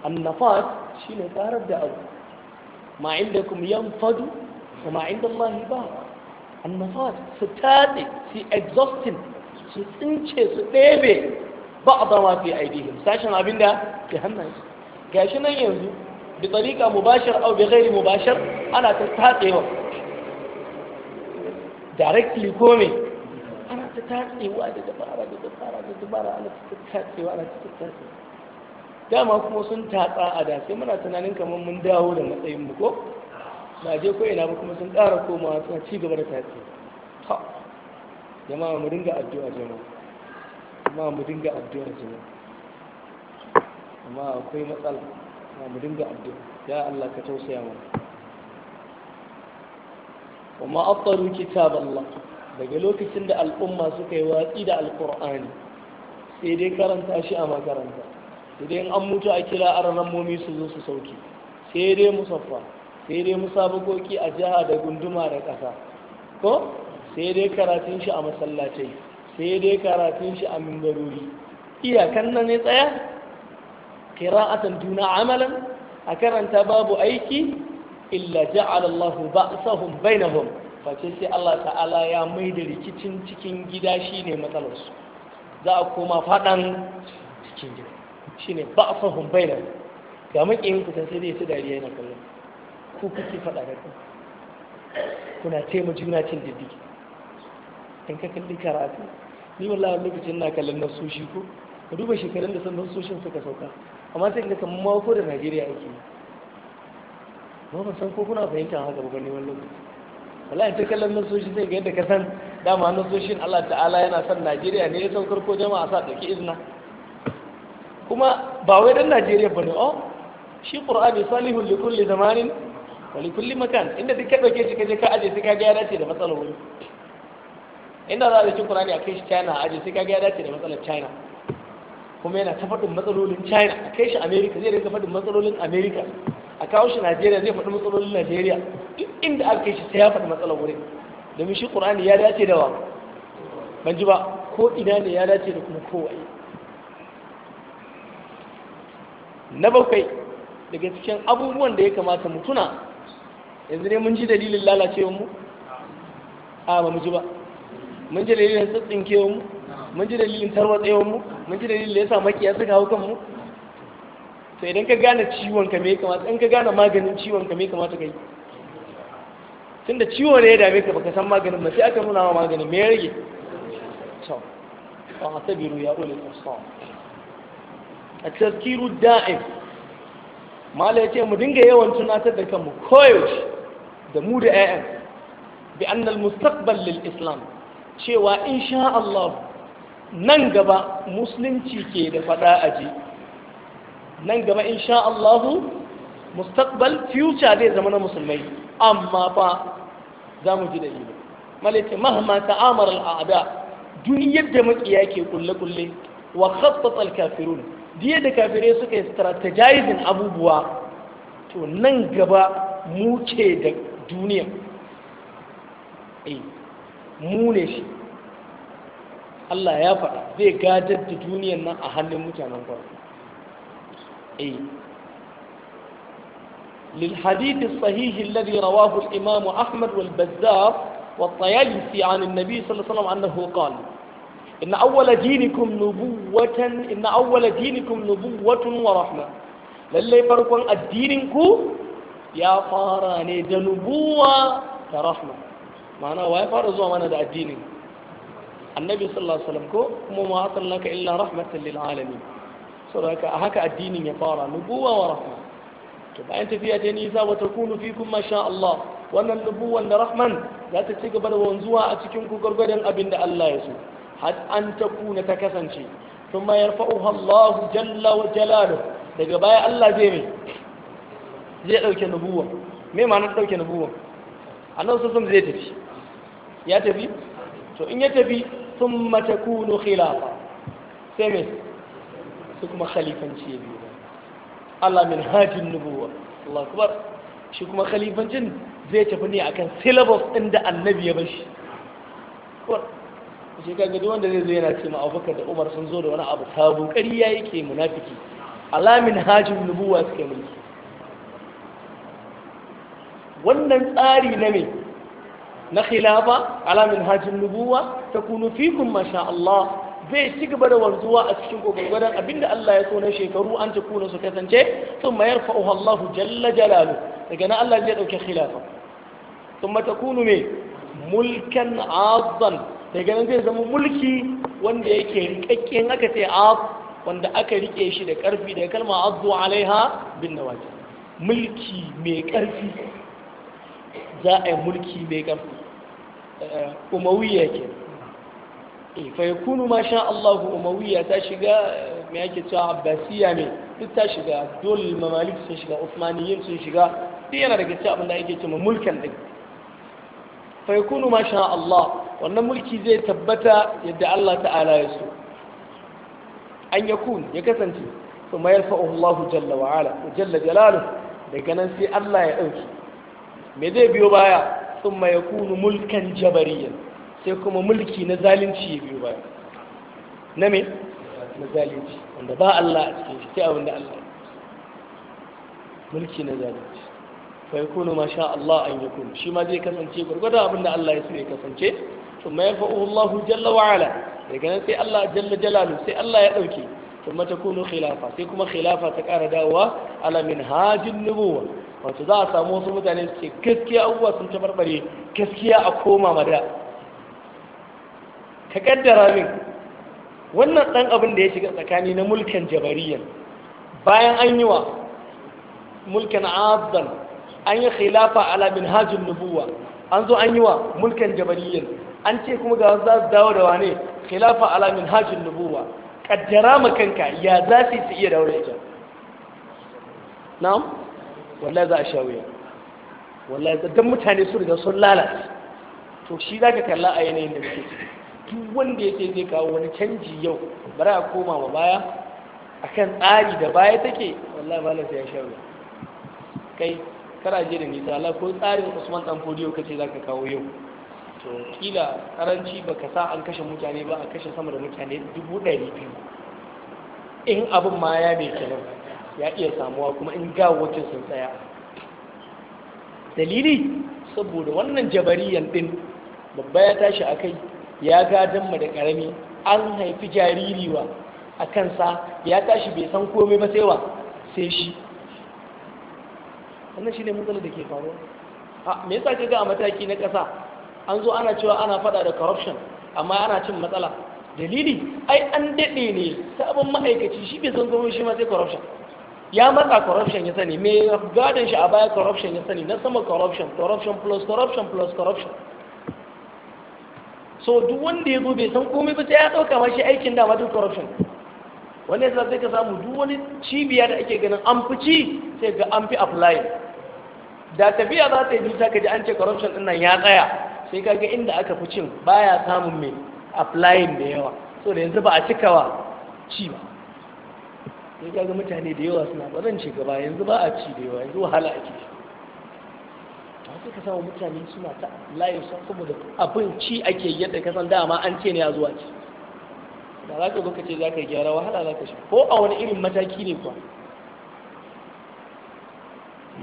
annafat shine karar da abu ma inda kum yanfadu wa ma inda Allah ba annafat su ta tatse su exhausting su tsince su ɗebe ba'da ma fi aidihim sashen abin da ke hannayensu gashi nan yanzu bi tsarika mubashar au bi ghairi mubashar ana ta tatsewa directly ko me ana ta tatsewa da dabara da dabara da dabara ana ta tatsewa ana ta tatsewa dama kuma sun tatsa a da sai muna tunanin kamar mun dawo da matsayin mu ko na je ko ina ba kuma sun ƙara komawa suna ci gaba da tatsi ha jama'a mu dinga addu'a jama'a amma mu dinga addu'a jama'a amma akwai matsala amma mu dinga addu'a ya Allah ka tausaya mana kuma abtaru kitab Allah daga lokacin da al'umma suka yi watsi da alqur'ani sai dai karanta shi a makaranta idan an mutu a kira momi su zo su sauki sai dai musaffa sai dai musabakoki a jiha da gunduma da ƙasa ko sai dai karatun shi a masallatai sai dai karatun shi a mimbarori iyakan nan ne tsaya qira'atan duna amalan a karanta babu aiki illa ja'ala Allahu ba'sahum bainahum face sai Allah ta'ala ya mai da rikicin cikin gida shine matsalar su za a koma fadan cikin gida shine ba'sahum bainahum ga yin ku sai dai su dariya yana kallon ku kuke fada da ku kuna taima juna cin diddigi in ka kalli karatu ni wallahi lokacin na kallon na shi ko ka duba shekarun da sun soshin suka sauka amma sai ka kamar mako da Najeriya ake yi kuma ban san ko kuna fahimtar haka ba ne wannan wallahi ta kallon nasoshi zai ga yadda ka san dama nasoshin Allah ta'ala yana son Najeriya ne ya saukar ko jama'a sa ɗauki izina kuma ba wai dan Najeriya ba ne oh shi Qur'ani salihun li kulli zamanin wa li kulli makan inda duk ka dauke shi ka je ka aje sai ka ga ya dace da matsalar wani inda za a ci Qur'ani a kai shi China a aje sai ka ga ya dace da matsalar China kuma yana ta faɗin matsalolin China a kai shi America zai rinka faɗin matsalolin America a kawo shi najeriya zai faɗi matsalolin najeriya inda aka kai shi sai ya faɗi matsalar wurin domin shi ƙur'ani ya dace da wa ban ji ba ko ina ne ya dace da kuma kowaye na bakwai daga cikin abubuwan da ya kamata mu tuna yanzu ne mun ji dalilin lalacewar mu a ba mu ji ba mun ji dalilin tsatsinkewar mu mun ji dalilin tarwatsewar mu mun ji dalilin da ya sa makiya suka hau kanmu to idan ka gane ciwon ka me kamata in ka gane maganin ciwon ka me kamata kai tunda ciwo ne ya dame ka baka san maganin ba sai aka nuna ma maganin me ya rage to fa tabiru ya ulil absar at-tazkiru da'im mala yace mu dinga yawan tunatar da kanmu koyaushe da mu da ƴaƴan bi anna al-mustaqbal lil islam cewa insha Allah nan gaba musulunci ke da fada aji nan gaba insha Allahu mustaqbal future zai zama na musulmai amma ba za mu ji da ido malaka mahma ta'amar al'ada duniyar yadda makiya ke kulle kulle wa khattat al-kafirun diya da kafirai suka yi strategizing abubuwa to nan gaba mu ce da duniya eh mu ne shi Allah ya faɗa zai gadar da duniyar nan a hannun mutanen farko أي للحديث الصحيح الذي رواه الإمام أحمد والبزار والطيالسي عن النبي صلى الله عليه وسلم أنه قال إن أول دينكم نبوة إن أول دينكم نبوة ورحمة للي الدين الدينكم يا فاراني ده نبوة رحمة معنى واي فارزوا معنى ده الدين النبي صلى الله عليه وسلم كو وما لك إلا رحمة للعالمين saboda a haka addinin ya fara nubuwa wa Rahman. to bayan tafiya ta nisa wa takunu fikum masha Allah wannan nubuwan da rahman za ta ci gaba da wanzuwa a cikin ku gargadan abin da Allah ya so har an ta kuna ta kasance thumma yarfa'uha Allah jalla wa daga baya Allah zai mai zai dauke nubuwa me ma'anar dauke nubuwa annabi sallallahu alaihi zai tafi ya tafi to in ya tafi thumma takunu khilafa sai me sai kuma khalifanci ya biyo Allah min hajin nubuwa Allah akbar shi kuma khalifancin zai tafi ne akan syllabus ɗin da annabi ya bashi Kuma shi kaga duk wanda zai zo yana ce ma Abubakar da Umar sun zo da wani abu sabu ƙarya yake munafiki alamin hajin nubuwa suke mulki wannan tsari na me na khilafa alamin hajin nubuwa ta takunu fikun masha Allah zai ci gaba da wanzuwa a cikin gwargwadon abinda Allah ya so na shekaru an ta kuna su kasance sun mayar fa'uwa Allah jalla jalalu daga na Allah zai dauke khilafa sun mata kunu me mulkan azan daga nan zai zama mulki wanda yake rikakken aka sai az wanda aka rike shi da karfi daga kalma azu alaiha bin nawaji mulki mai karfi za a yi mulki mai karfi eh, umawiyya kenan Eh, fa kunu ma sha Allah umawiya ta shiga me yake cewa abbasiya ne duk ta shiga dole mamalik sun shiga usmaniyin sun shiga duk yana daga cewa abinda ake cewa mulkan din fa kunu ma sha Allah wannan mulki zai tabbata yadda Allah ta'ala ya so an ya kunu, ya kasance ma yarfa'u Allah jalla wa ala jalla jalalu daga nan sai Allah ya dauki me zai biyo baya ya kunu mulkan jabariyan sai kuma mulki na zalunci ya biyo baya na me na zalunci wanda ba Allah a cikin shi sai abin da Allah mulki na zalunci fa yakunu ma sha Allah an yakun shi ma zai kasance gurgurda abin da Allah ya so ya kasance thumma yafa'uhu Allah jalla wa ala daga nan sai Allah jalla jalalu sai Allah ya dauke thumma takunu khilafa sai kuma khilafa ta kara dawowa ala min hajin nubuwa wato za a samu wasu mutane suke gaskiya abubuwa sun tabarbare gaskiya a koma mada ka kaddara min wannan ɗan abin da ya shiga tsakani na mulkin jabariyan bayan an yi wa mulkin azam an yi khilafa ala bin hajjin nubuwa an zo an yi wa mulkin jabariyan an ce kuma ga za su dawo da wane khilafa ala bin hajjin nubuwa kaddara makanka ya za su yi iya dawo da ita na'am wallahi za a sha wuya wallahi dan mutane su riga sun lalata to shi za ka kalla a yanayin da muke ciki duk wanda ya ce zai kawo wani canji yau bari a koma ma baya akan tsari da baya take wallahi malam sai ya sha ruwa kai kana je da nisa Allah ko tsarin Usman dan Fodiyo kace zaka kawo yau to kila karanci baka sa an kashe mutane ba a kashe sama da mutane dubu in abin ma ya bai kenan ya iya samuwa kuma in ga gawacin sun tsaya dalili saboda wannan jabariyan din babba ya tashi akai ya gadon mu da karami an haifi jariri wa a kansa ya tashi bai san komai ba sai wa sai shi wannan shine matsalar da ke faruwa a me yasa kaga a mataki na ƙasa an zo ana cewa ana fada da corruption amma ana cin matsala dalili ai an dade ne sabon ma'aikaci shi bai san komai shi ma sai corruption ya matsa corruption ya sani me gadon shi a baya corruption ya sani na sama corruption corruption plus corruption plus corruption so duk wanda ya zo bai san komai ba sai ya ɗauka ma shi aikin dama duk corruption wanda yasa sai ka samu duk wani cibiya da ake ganin an fi ci sai ga an fi apply da tafiya za ta yi dusa ka ji an ce corruption ɗin nan ya tsaya sai ka ga inda aka fi cin baya samun mai applying da yawa so da yanzu ba a cikawa ci ba sai ka ga mutane da yawa suna ba zan ci gaba yanzu ba a ci da yawa yanzu wahala ake shi sai ka samu mutane suna ta layin da abin abinci ake yadda ka san dama an ce ne a zuwa ci da za ka zo ka ce za ka gyara wahala za ka sha ko a wani irin mataki ne kuwa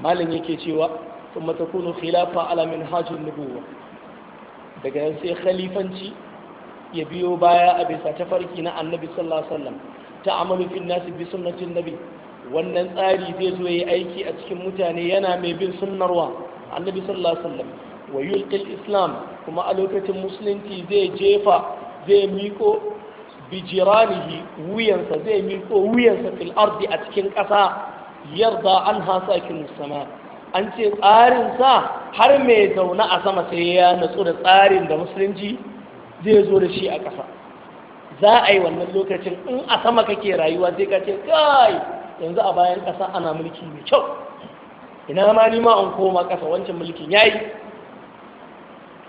malam yake cewa sun matakunu khilafa ala min nubuwa daga nan sai khalifanci ya biyo baya a bisa ta farki na annabi sallallahu alaihi wasallam ta amalu fil nasi bi sunnatin nabi wannan tsari zai zo yi aiki a cikin mutane yana mai bin sunnarwa annabi sallallahu alaihi wasallam wa islam kuma a lokacin musulunci zai jefa zai miko bijiranihi wuyansa zai miko wuyansa fil ardi a cikin ƙasa yarda an hasa kin an ce tsarin sa har mai zauna a sama sai ya natsu da tsarin da musulunci zai zo da shi a ƙasa za a yi wannan lokacin in a sama kake rayuwa zai kace, kai yanzu a bayan ƙasa ana mulki mai kyau ina ma ni ma an koma ƙasa wancan mulkin yayi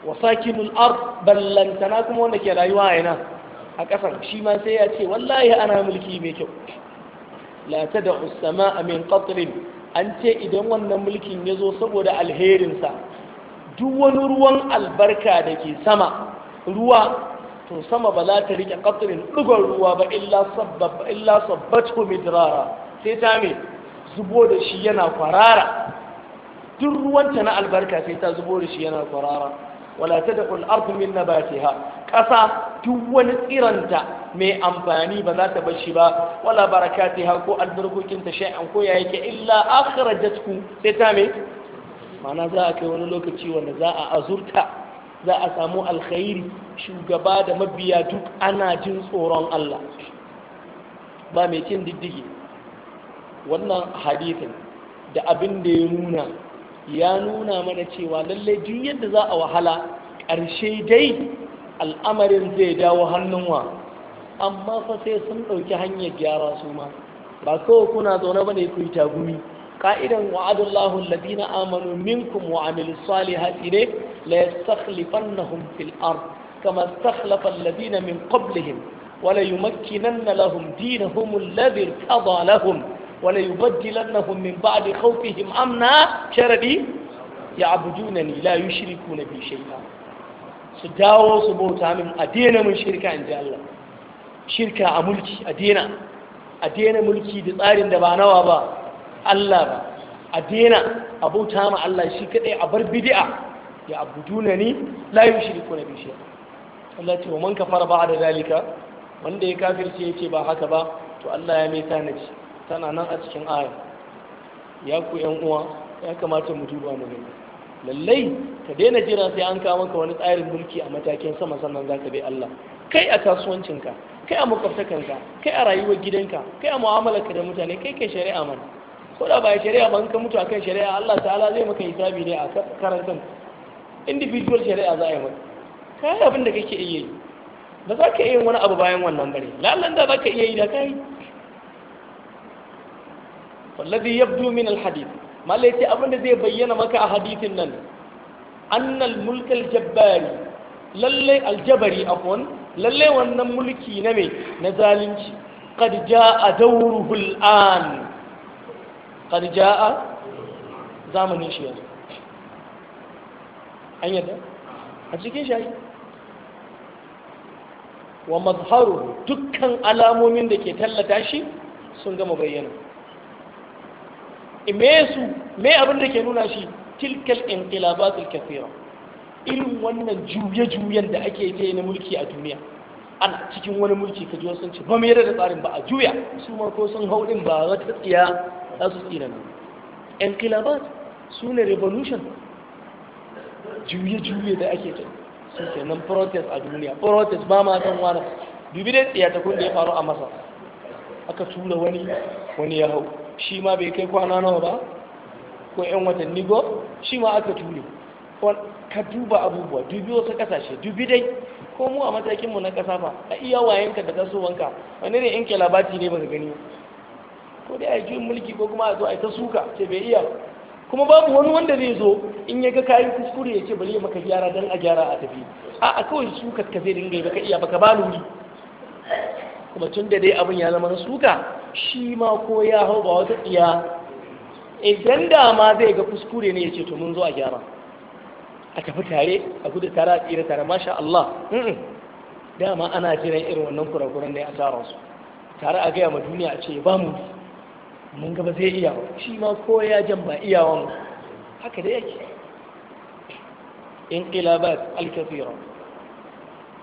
wa sakinul ard ballantana kuma wanda ke rayuwa a ina a ƙasar shi ma sai ya ce wallahi ana mulki mai kyau la tad'u as-sama'a min qatrin an ce idan wannan mulkin ya zo saboda sa duk wani ruwan albarka da ke sama ruwa to sama ba za ta rike qatrin ɗigon ruwa ba illa sabbat midrara sai ta me zubo da shi yana kwarara duk ruwanta na albarka sai ta zubo da shi yana kwarara wala ta da ardu min nabatiha ƙasa duk wani tsiranta mai amfani ba za ta bar shi ba wala barakatiha ko albarkokinta shay'an ko ya yake illa akhrajatku sai ta me ma'ana za a kai wani lokaci wanda za a azurta za a samu alkhairi shugaba da mabiya duk ana jin tsoron Allah ba mai cin diddigi wannan hadithin da abin da ya nuna ya nuna mana cewa lallai duk yadda za a wahala ƙarshe dai al'amarin zai dawo hannun wa amma fa sai sun ɗauki hanyar gyara su ma ba kawai kuna zaune ba ne ku yi tagumi ka'idan wa'adullahu ladina amanu minkum wa sali salihati ne la na fil ard kama istakhlafa ladina min qablihim wala yumakkinanna lahum dinahum alladhi kaba lahum wala yubaddilannahum min ba'di khawfihim amna sharadi ya abu juna ni la yushrikuna bi shay'a su dawo su bauta min a daina mun shirka in ji Allah shirka a mulki a daina a daina mulki da tsarin da ba nawa ba Allah ba a daina a bauta ma Allah shi kadai a bar bid'a ya abu juna ni la yushrikuna na shay'a Allah ce wa man kafara da zalika wanda ya kafirce yace ba haka ba to Allah ya mai tanaji tana nan a cikin aya ya ku yan uwa ya kamata mu duba mu gani lallai ka daina jira sai an kawo maka wani tsarin mulki a matakin sama sannan za ka bi Allah kai a kasuwancinka kai a makwabtakanka kai a rayuwar gidanka kai a mu'amalarka da mutane kai kai shari'a mana ko da ba shari'a ba ka mutu akan shari'a Allah ta'ala zai maka hisabi ne a karan kan individual shari'a za a yi maka kai abin da kake iya yi ba za ka iya yin wani abu bayan wannan bare lallan da za ka iya yi da kai wallazi yabdu min alhadith malaiti abinda zai bayyana maka a hadithin nan annal mulkal jabbari lalle aljabari afwan lalle wannan mulki na me na zalunci qad jaa dawruhu al'an qad jaa zamanin shi yanzu an yadda a cikin shi wa mazharu dukkan alamomin da ke tallata shi sun gama bayyana me su me abin da ke nuna shi tilkal inqilabatul kathira irin wannan juye-juyen da ake ta na mulki a duniya ana cikin wani mulki ka jiwa sun ce ba mu yarda da tsarin ba a juya su ma ko sun hau din ba wata tsiya za su tsira nan inqilabat su ne revolution juye-juye da ake ta su ke nan protest a duniya protest ba ma san wani dubi dai tsiya ta kun da ya faru a masa aka tura wani wani ya hau shi ma bai kai kwana nawa ba ko 'yan watanni go shi ma aka ture ka duba abubuwa dubi wasu kasashe dubi dai ko mu a matakinmu na kasa ba a iya wayenka da wanka. wani ne yanke labati ne ba ga gani ko dai a yi juyin mulki ko kuma a zo a yi ta suka ce bai iya kuma babu wani wanda zai zo in ya ga kayan kuskure ya ce bari maka gyara don a gyara a tafi a kawai sukar ka zai dinga yi ka iya baka ba wuri. kuma tun da dai abin ya zama na suka shi ma ko ya hau ba wata tsiya idan da ma zai ga kuskure ne ya ce to mun zo a gyara a tafi tare a gudu tare a tsira tare masha Allah dama ana jiran irin wannan kurakuran ne a tsaron su tare a gaya ma duniya a ce ba mu mun gaba zai iya ba shi ma ko ya jan ba iya wa mu. haka da yake in ƙilabat alkafira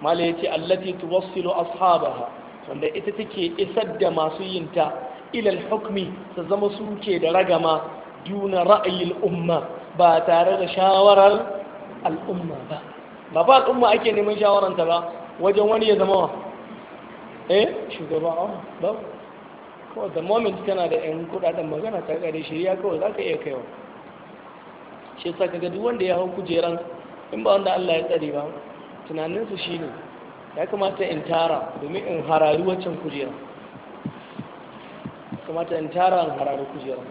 ma la ce allati tuwassilu ashabaha wanda ita take isar da masu yinta ilal hukmi su zama suke da ragama duna ra'ayin umma ba tare da shawarar al'umma ba ba ba al'umma ake neman shawaranta ba wajen wani ya zama wa eh shugaba ba oh, kawai da moment kana da yan kudaden magana ta kare shirya kawai za ka iya kaiwa shi sa ga duk wanda ya hau kujeran in ba wanda Allah ya tsare ba tunaninsu shine ya kamata in tara domin in harari waccan kujera kamata in tara in harari kujera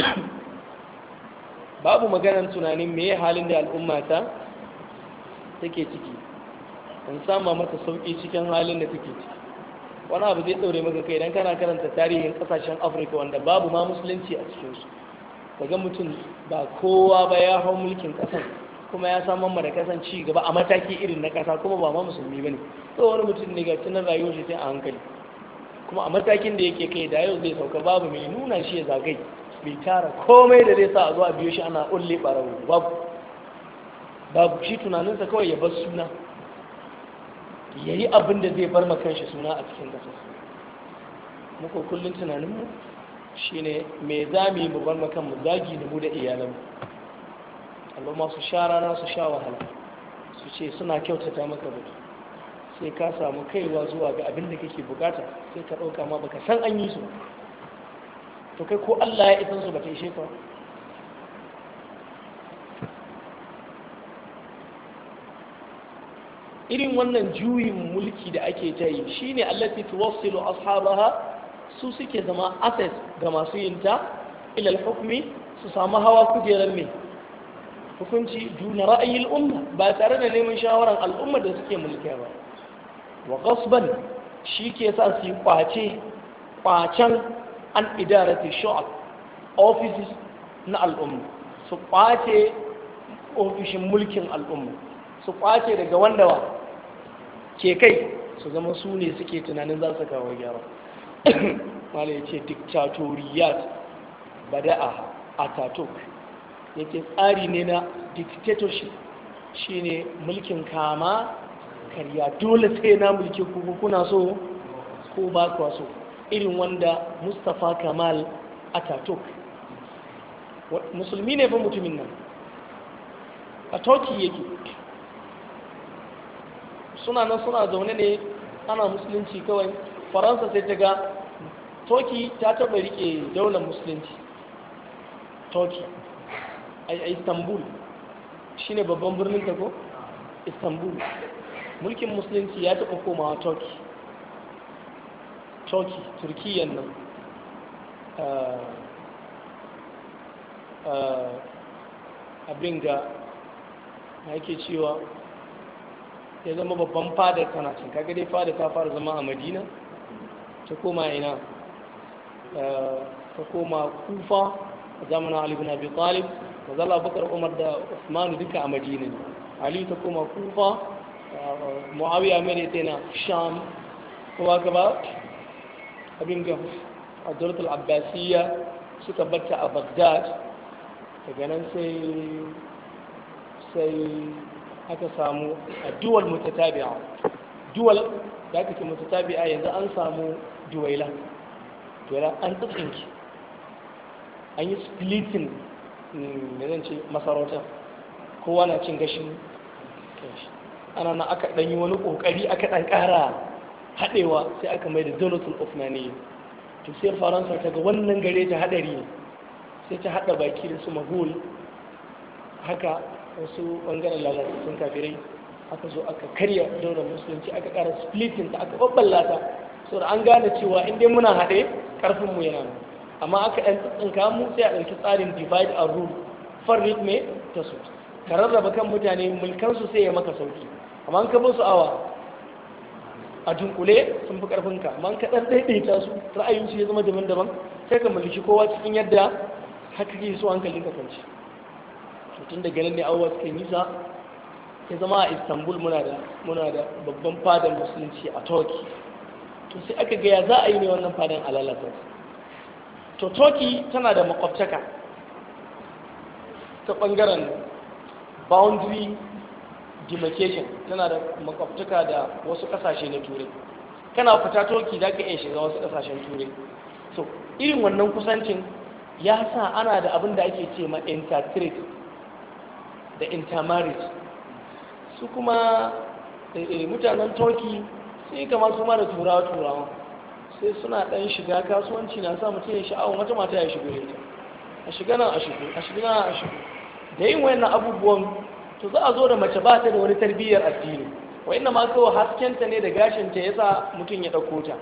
*coughs* babu maganan tunanin me halin da al'umma ta take ciki in sama mata sauƙi cikin halin da take ciki wani abu zai ɗaure maka kai idan kana karanta tarihin ƙasashen afirka wanda babu ma musulunci a cikinsu kaga mutum ba kowa ba ya hau mulkin ƙasar kuma ya samar mu da kasan ci gaba a mataki irin na kasa kuma ba ma musulmi bane to wani mutum ne ga tunan rayuwar shi sai a hankali kuma a matakin da yake kai da yau zai sauka babu mai nuna shi ya zagai bai tara komai da zai sa a zo a biyo shi ana ulle barawo babu babu shi tunaninsa kawai ya bar suna ya yi abin da zai bar makan shi suna a cikin ƙasa Muku kullum tunaninmu shine me za yi mu bar makan mu zagi da mu da iyalanmu alloma su sha rana su sha wahala su ce suna kyautata maka batu sai ka samu kaiwa zuwa ga abin da kake bukata sai ka ɗauka ma baka san an yi su to kai ko allah ya isan su ba ta ishe ka irin wannan juyin mulki da ake ta yi shi ne allafi tuwassilu ashabaha su suke zama assets ga masu yinta ilal hukumi su samu hawa kujerar mai hukunci duna ra'ayin umma ba tare da neman shawarar al'umma da suke mulki ba wa gasban shi ke sa su yi kwace kwacen an idarati shu'ab offices na al'umma su kwace ofishin mulkin al'umma su kwace daga wanda wa ke kai su zama su ne suke tunanin za su kawo gyara wale *coughs* ce diktatoriyat bada'a a tatok yake tsari ne na dictatorship shine mulkin kama karya dole sai na mulki kuku kuna so ko ba kuwa so irin wanda mustapha kamal atatok musulmi ne fa mutumin nan a turkey yake suna nan suna zaune ne ana musulunci kawai faransa sai ta ga turkey ta taɓa rike daular musulunci turkey a istanbul ne babban birnin ta ko istanbul mulkin musulunci ya taɓa komawa turkey turkey nan eh, eh, abin ga yake cewa ya zama babban fadar tana can kaga dai fada ta fara zama a madina ta koma ina eh, ta koma kufa a zamanin alibin abi talib manzala abubakar umar da usmanu duka a madina ne ali ta kuma kufa muawiya mai da ita yana sham kuma gaba abin ga a duratul abbasiyya suka batta a baghdad daga nan sai sai aka samu a duwal mutatabi'a duwal da aka ce mutatabi'a yanzu an samu duwaila duwaila an tsinki an yi splitting Mm, me zan ce masarautar kowa na cin gashin ana na aka ɗanyi wani ƙoƙari aka ɗan ƙara haɗewa sai aka mai da of ofnani to sai faransa ta ga wannan gare ta haɗari sai ta haɗa baki da su mahul haka wasu ɓangaren lalatattun kafirai aka zo aka karya daura musulunci aka ƙara splitting ta aka babballa ta da an gane cewa in dai muna haɗe ƙarfinmu yana nan amma aka ɗan tsinka mu sai a ɗauki tsarin divide and rule farrik mai ta su ka rarraba kan mutane mulkansu sai ya maka sauki amma an bin su awa a dunkule sun fi karfin ka amma ka ɗan ta su ra'ayinsu ya zama daban-daban sai ka mulki kowa cikin yadda haka ke so hankalin ka kwanci tun da ganin ne awa suka nisa ya zama a istanbul muna da muna babban fadan musulunci a turkey to sai aka gaya za a yi ne wannan fadan a lalata to turkey tana da makwabtaka ta ɓangaren boundary demarcation tana da makwabtaka da wasu ƙasashe na turai kana fita turkey za ka iya shiga wasu ƙasashen turai so irin wannan kusancin ya sa ana da abin da ake ce ma intertrade da intermarriage su kuma eh, eh, mutanen turkey sai kama su ma da turawa turawa sai suna ɗan shiga kasuwanci na sa mutum ya sha'awar wata mata ya shigo ita a shiga nan a shigo a shiga nan a shigo da yin wayannan abubuwan to za a zo da mace ba ta da wani tarbiyyar addini wayannan ma kawai haskenta ne da gashinta ya sa mutum ya ɗauko ta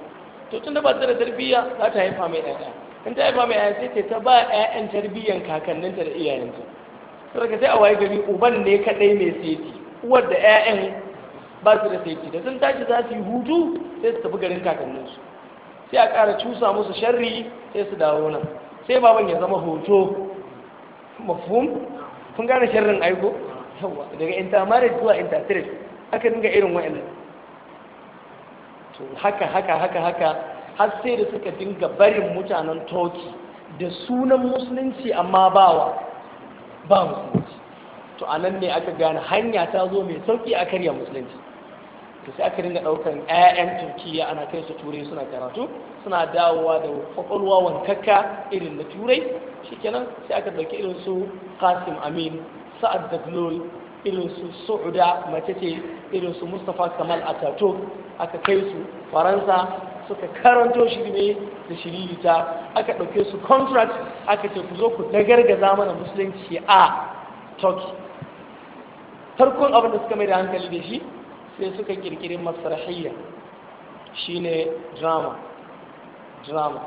to tun da ba ta da tarbiyya za ta haifa mai ɗaya in ta haifa mai ɗaya sai ta ba ƴaƴan tarbiyyar kakanninta da iyayenta ka sai a waye gari uban ne kaɗai mai seti uwar da ƴaƴan ba su da seti da sun tashi za su yi hutu sai su tafi garin kakanninsu sai a ƙara cusa musu sharri sai su dawo nan sai baban ya zama hoto mafhum kun gane sharrin aiko daga intermarriage zuwa intertrade aka dinga irin wa'annan to haka haka haka haka har sai da suka dinga barin mutanen toki da sunan musulunci amma bawa ba musulunci to anan ne aka gane hanya ta zo mai sauki a karya musulunci to sai aka dinga ɗaukan 'ya'yan turkiya ana kai su turai suna karatu suna dawowa da kwakwalwa wankakka irin na turai shikenan sai aka ɗauki irin su kasim amin sa'ad daglol irin su su'uda mace ce irin su mustapha kamal atato aka kai su faransa suka karanto shi ne da shiririta aka ɗauke su contract aka ce ku zo ku dagargaza mana musulunci a turkey farkon abin da suka mai da hankali da shi sai suka kirkiri Shi shine drama drama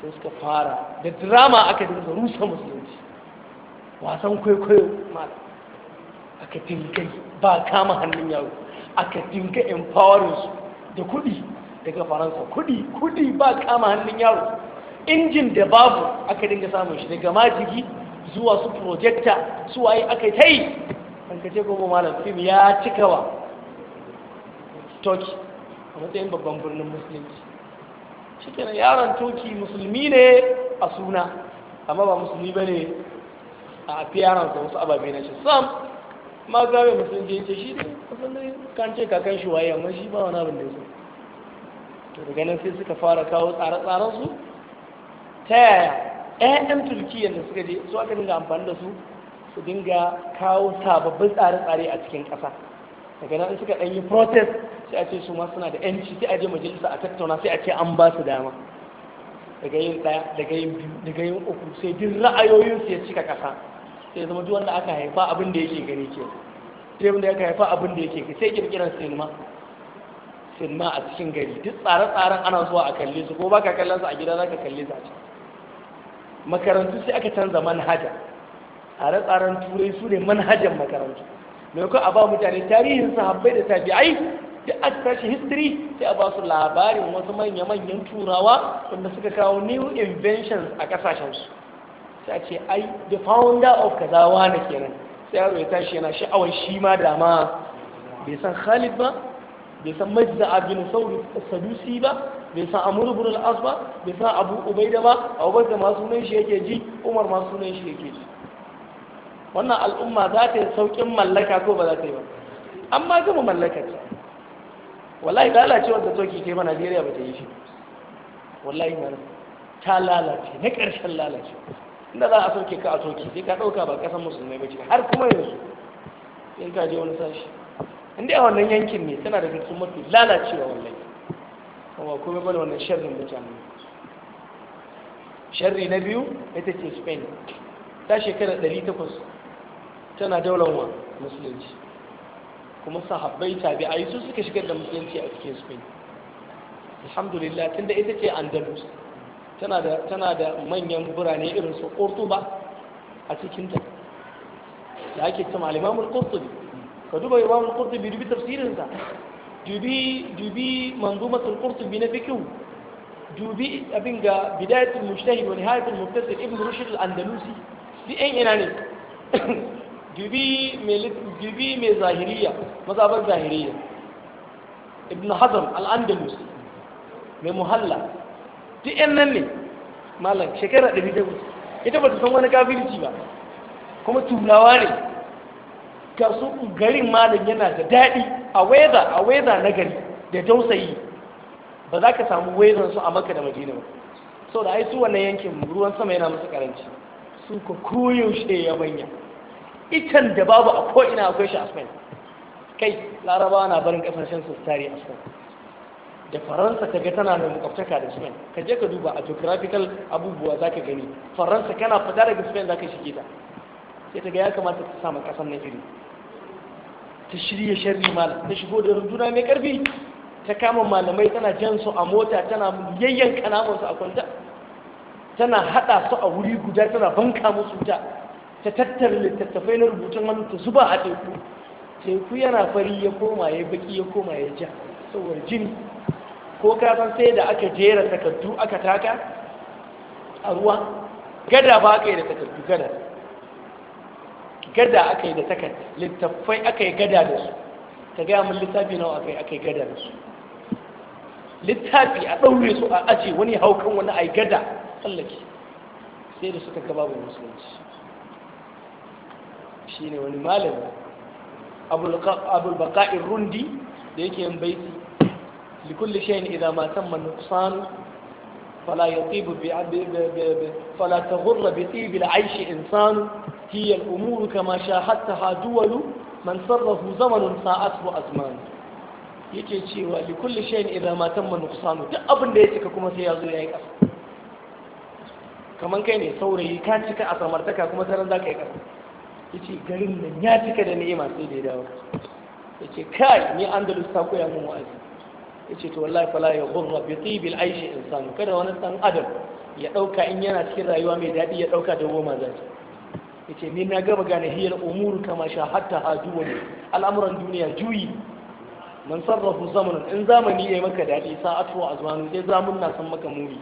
sai suka fara da drama aka dinga rusa musulunci wasan kwaikwayo mata aka dinga ba kama hannun yaro aka dinga empowering su da kuɗi daga faransa kuɗi kuɗi ba kama hannun yaro injin da babu aka dinga samun shi daga majigi zuwa su projector su waye aka yi ta yi an kace kuma malam fim ya cikawa turkey a matsayin babban birnin musulunci shi kenan yaron turkey musulmi ne a suna amma ba musulmi ba ne a fiyaransa wasu ababe na shi sam ma gawe musulunci ce shi ne musulmi kan ce kakan shi waye amma shi ba wani abin da ya to daga nan sai suka fara kawo tsare-tsarensu ta yaya 'ya'yan turkiyyar da suka je su aka dinga amfani da su su dinga kawo sababbin tsare-tsare a cikin ƙasa daga nan suka ɗan yi protest sai a ce su ma suna da yanci sai a je majalisa a tattauna sai a ce an ba su dama daga yin ɗaya daga yin biyu daga yin uku sai duk ra'ayoyinsu ya cika ƙasa sai zama duk wanda aka haifa abin da yake gani ke sai wanda aka haifa abin da yake ke sai kirkiran sinima sinima a cikin gari duk tsare-tsaren ana zuwa a kalle su ko baka kallon su a gida zaka kalle su a can makarantu sai aka canza manhaja tsare-tsaren turai su ne manhajan makarantu maimakon a ba mutane tarihin sahabbai da tabi'ai da aka history sai a ba labarin wasu manya-manyan turawa wanda suka kawo new inventions a kasashensu sai a ce ai the founder of kazawa na kenan sai yaro ya tashi yana sha'awar shi ma dama bai san khalid ba bai san majda bin sadusi ba bai san amur ibn al-as ba bai san abu ubaida ba abubakar masu sunan shi yake ji umar masu sunan shi yake ji wannan al'umma za ta yi sauƙin mallaka ko ba za ta yi ba amma gama mallaka ce wallahi lalacewar da toki ke ma najeriya ba ta yi shi wallahi ma ta lalace na ƙarshen lalace inda za a sauke ka a toki sai ka ɗauka ba ƙasan musulmai ba ce har kuma yanzu in ka je wani sashi inda a wannan yankin ne tana da cikin mafi lalacewa wallahi kuma kuma bane wannan sharrin mutane sharri na biyu ita ce spain ta shekara 800 tana daular wa musulunci kuma sahabbai tabi'ai su suka shigar da musulunci a cikin spain alhamdulillah tunda ita ce andalus tana da manyan birane irin su Cordoba a cikinta da ake cima al-Imamul Qurtubi ka duba Imamul Qurtubi dubi tafsirinsa dubi dubi manzumatul Qurtubi na fiqh dubi abin ga bidayatul mujtahid wa nihayatul mubtasil ibn rushd al-andalusi di ina ne Girbi mai zahiriya mazabar zahiriya ibn hazm al'andalus mai muhalla duk nan ne malam shekara 100 ita ba ta san wani kafirci ba kuma turawa ne kasu garin malam yana da daɗi a weza a weza na gari da tausayi ba za ka samu wezan su a maka da madina ba sau da ai su wannan yankin ruwan sama yana musu karanci su ka koyaushe ya banya itan da babu a ina akwai shi a spain kai larabawa na barin kasashen su tare a spain da faransa kaga tana da makwabtaka da spain ka je ka duba a geographical abubuwa zaka gani faransa kana fita daga spain zaka shige ta sai ta ga ya kamata ta samu kasan na iri ta shirya sharri malam ta shigo da runduna mai karfi ta kama malamai tana jan su a mota tana yayyanka namansu a kwanta tana hada su a wuri guda tana banka musu ta ta tattara littattafai na rubutun hannu ta zuba a teku teku yana fari ya koma ya baki ya koma ya ja saboda jini ko kasan sai da aka jera takardu aka taka a ruwa gada ba aka yi da takardu gada gada aka yi da takardu littattafai aka yi gada da su ka gaya min littafi nawa aka yi aka yi gada da su littafi a ɗaure su a aji wani haukan wani a gada tsallake sai da suka gaba musulunci shine wani malami abul rundi da yake yin baiti likulli shay'in matan ma tamma nuqsan fala yatibu bi fala taghurra bi tibi al-aish insan hiya al-umur kama shahattaha duwalu man sarrafu zamanun sa'atu azman yake cewa likulli shay'in matan ma tamma nuqsan duk abin da ya cika kuma sai ya zo yayi kasa kaman kai ne saurayi ka cika a samartaka kuma sai za ka yi kasa yace garin nan ya cika da ni'ima sai da ya dawo yace kai ni da ta koya mun wa'azi yace to wallahi fala ya ghurra bi tibil aishi insan kada wani san adam ya dauka in yana cikin rayuwa mai dadi ya dauka da goma zaki yace ni na gaba gane hiyar umuru kama sha hatta ne, al'amuran duniya juyi man sarrafu zamanin in zamani ya maka dadi sa'atu azmanu sai zamun na san maka muri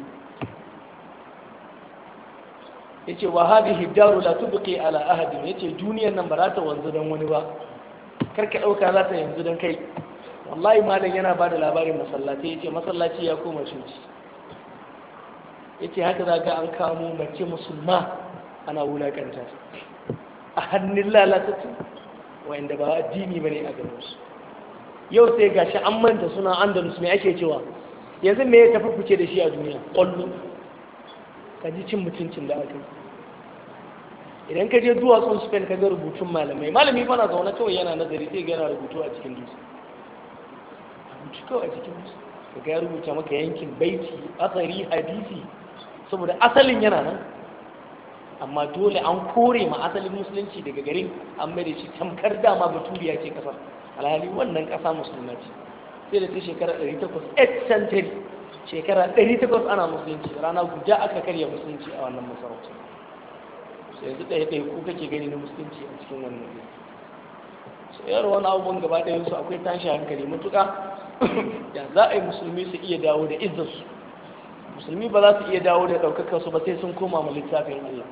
yace wa hadhihi daru la tubqi ala ahadin yace duniyar nan ba za ta wanzu dan wani ba karka dauka za ta yanzu dan kai wallahi malam yana bada labarin masallaci yace masallaci ya koma cuci yace haka zaka an kamo mace musulma ana wulakanta a hannun lalatatu wa'anda ba addini bane a garin su yau sai gashi an manta suna andalus mai ake cewa yanzu me ya tafi fice da shi a duniya kwallo ka ji cin mutuncin da aka yi idan ka je duwatsun spain ka ga rubutun malamai malami mana zaune kawai yana nazari sai gana rubutu a cikin dutse rubutu kawai a cikin dutse ka ga rubuta maka yankin baiti asari hadisi saboda asalin yana nan amma dole an kore ma asalin musulunci daga garin an mai da shi tamkar dama baturiya ce kasar alhali wannan kasa musulma ce sai da ta shekara 800 century shekara 800 ana musulunci rana guda aka karya musulunci a wannan masarautar yanzu ɗaya ɗaya ku kake gani na musulunci a cikin wannan Su yar wani abubuwan gaba ɗaya su akwai tashi hankali matuƙa da *coughs* za a yi musulmi su iya dawo da izzarsu musulmi ba za su iya dawo da ɗaukaka su ba sai sun koma ma littafin Allah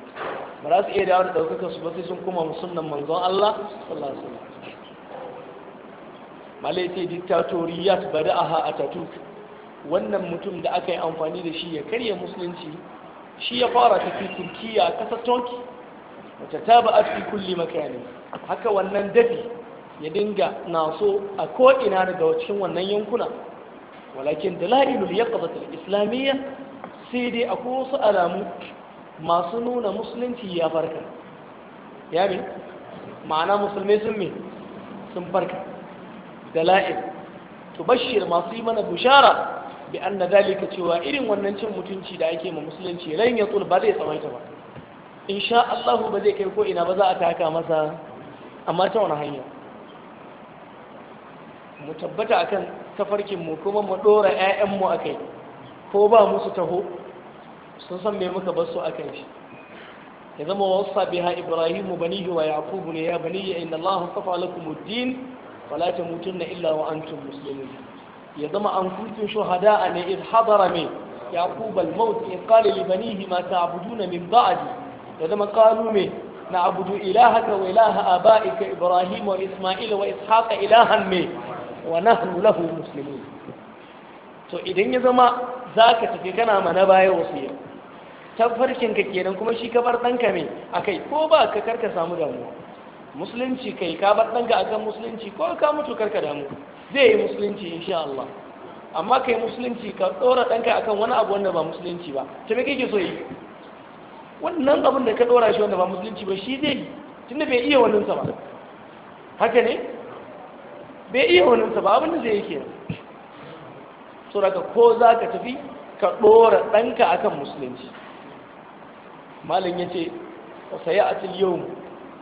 ba za su iya dawo da ɗaukaka su ba sai sun koma sunan manzon Allah sallallahu alaihi wasallam malai sai diktatoriyat bada'aha ataturk wannan mutum da aka yi amfani da shi ya karya musulunci shi ya fara tafi turkiya a ƙasar wata ta ba fi kulli makani haka wannan dafi ya dinga naso a ko'ina daga cikin wannan yankuna walakin dalailul yaqabatul islamiyya sai dai a wasu alamu masu nuna musulunci ya farka ya ne ma'ana musulmai sun me sun farka dala'il tubashir masu yi mana bushara bi anna dalika cewa irin wannan cin mutunci da ake ma musulunci ran ya ba zai tsawaita ba insha Allah ba zai kai ko ina ba za a taka masa amma ta wani hanya mu tabbata akan tafarkin mu kuma mu ɗora ƴaƴan a kai, ko ba musu taho sun san me muka basu akan shi ya zama wasa biha ibrahimu banihi wa yaqubu ne ya baniya inna Allah safa lakum ad-din wala tamutunna illa wa antum muslimun ya zama an kuntum shuhada ne idh hadara min yaqub al-maut in qala li banihi ma ta'buduna min ba'di ya zama qalu na abudu ilahaka wa ilaha abaika ibrahim wa isma'il wa ishaqa ilahan me wa nahnu lahu Musulmi? to idan ya zama zaka tafi kana mana baya wasiya farkin ka kenan kuma shi ka bar danka me akai ko ba ka karka samu damuwa musulunci kai ka bar danka akan musulunci ko ka mutu karka damu zai yi musulunci insha Allah amma kai musulunci ka tsora danka akan wani abu wanda ba musulunci ba to me kake so yi wannan abin da ka dora shi wanda ba musulunci ba shi zai yi tunda bai iya sa ba haka ne bai iya sa ba abin da zai yake so ko za ka tafi ka dora ɗanka akan musulunci malam ya ce saya a yau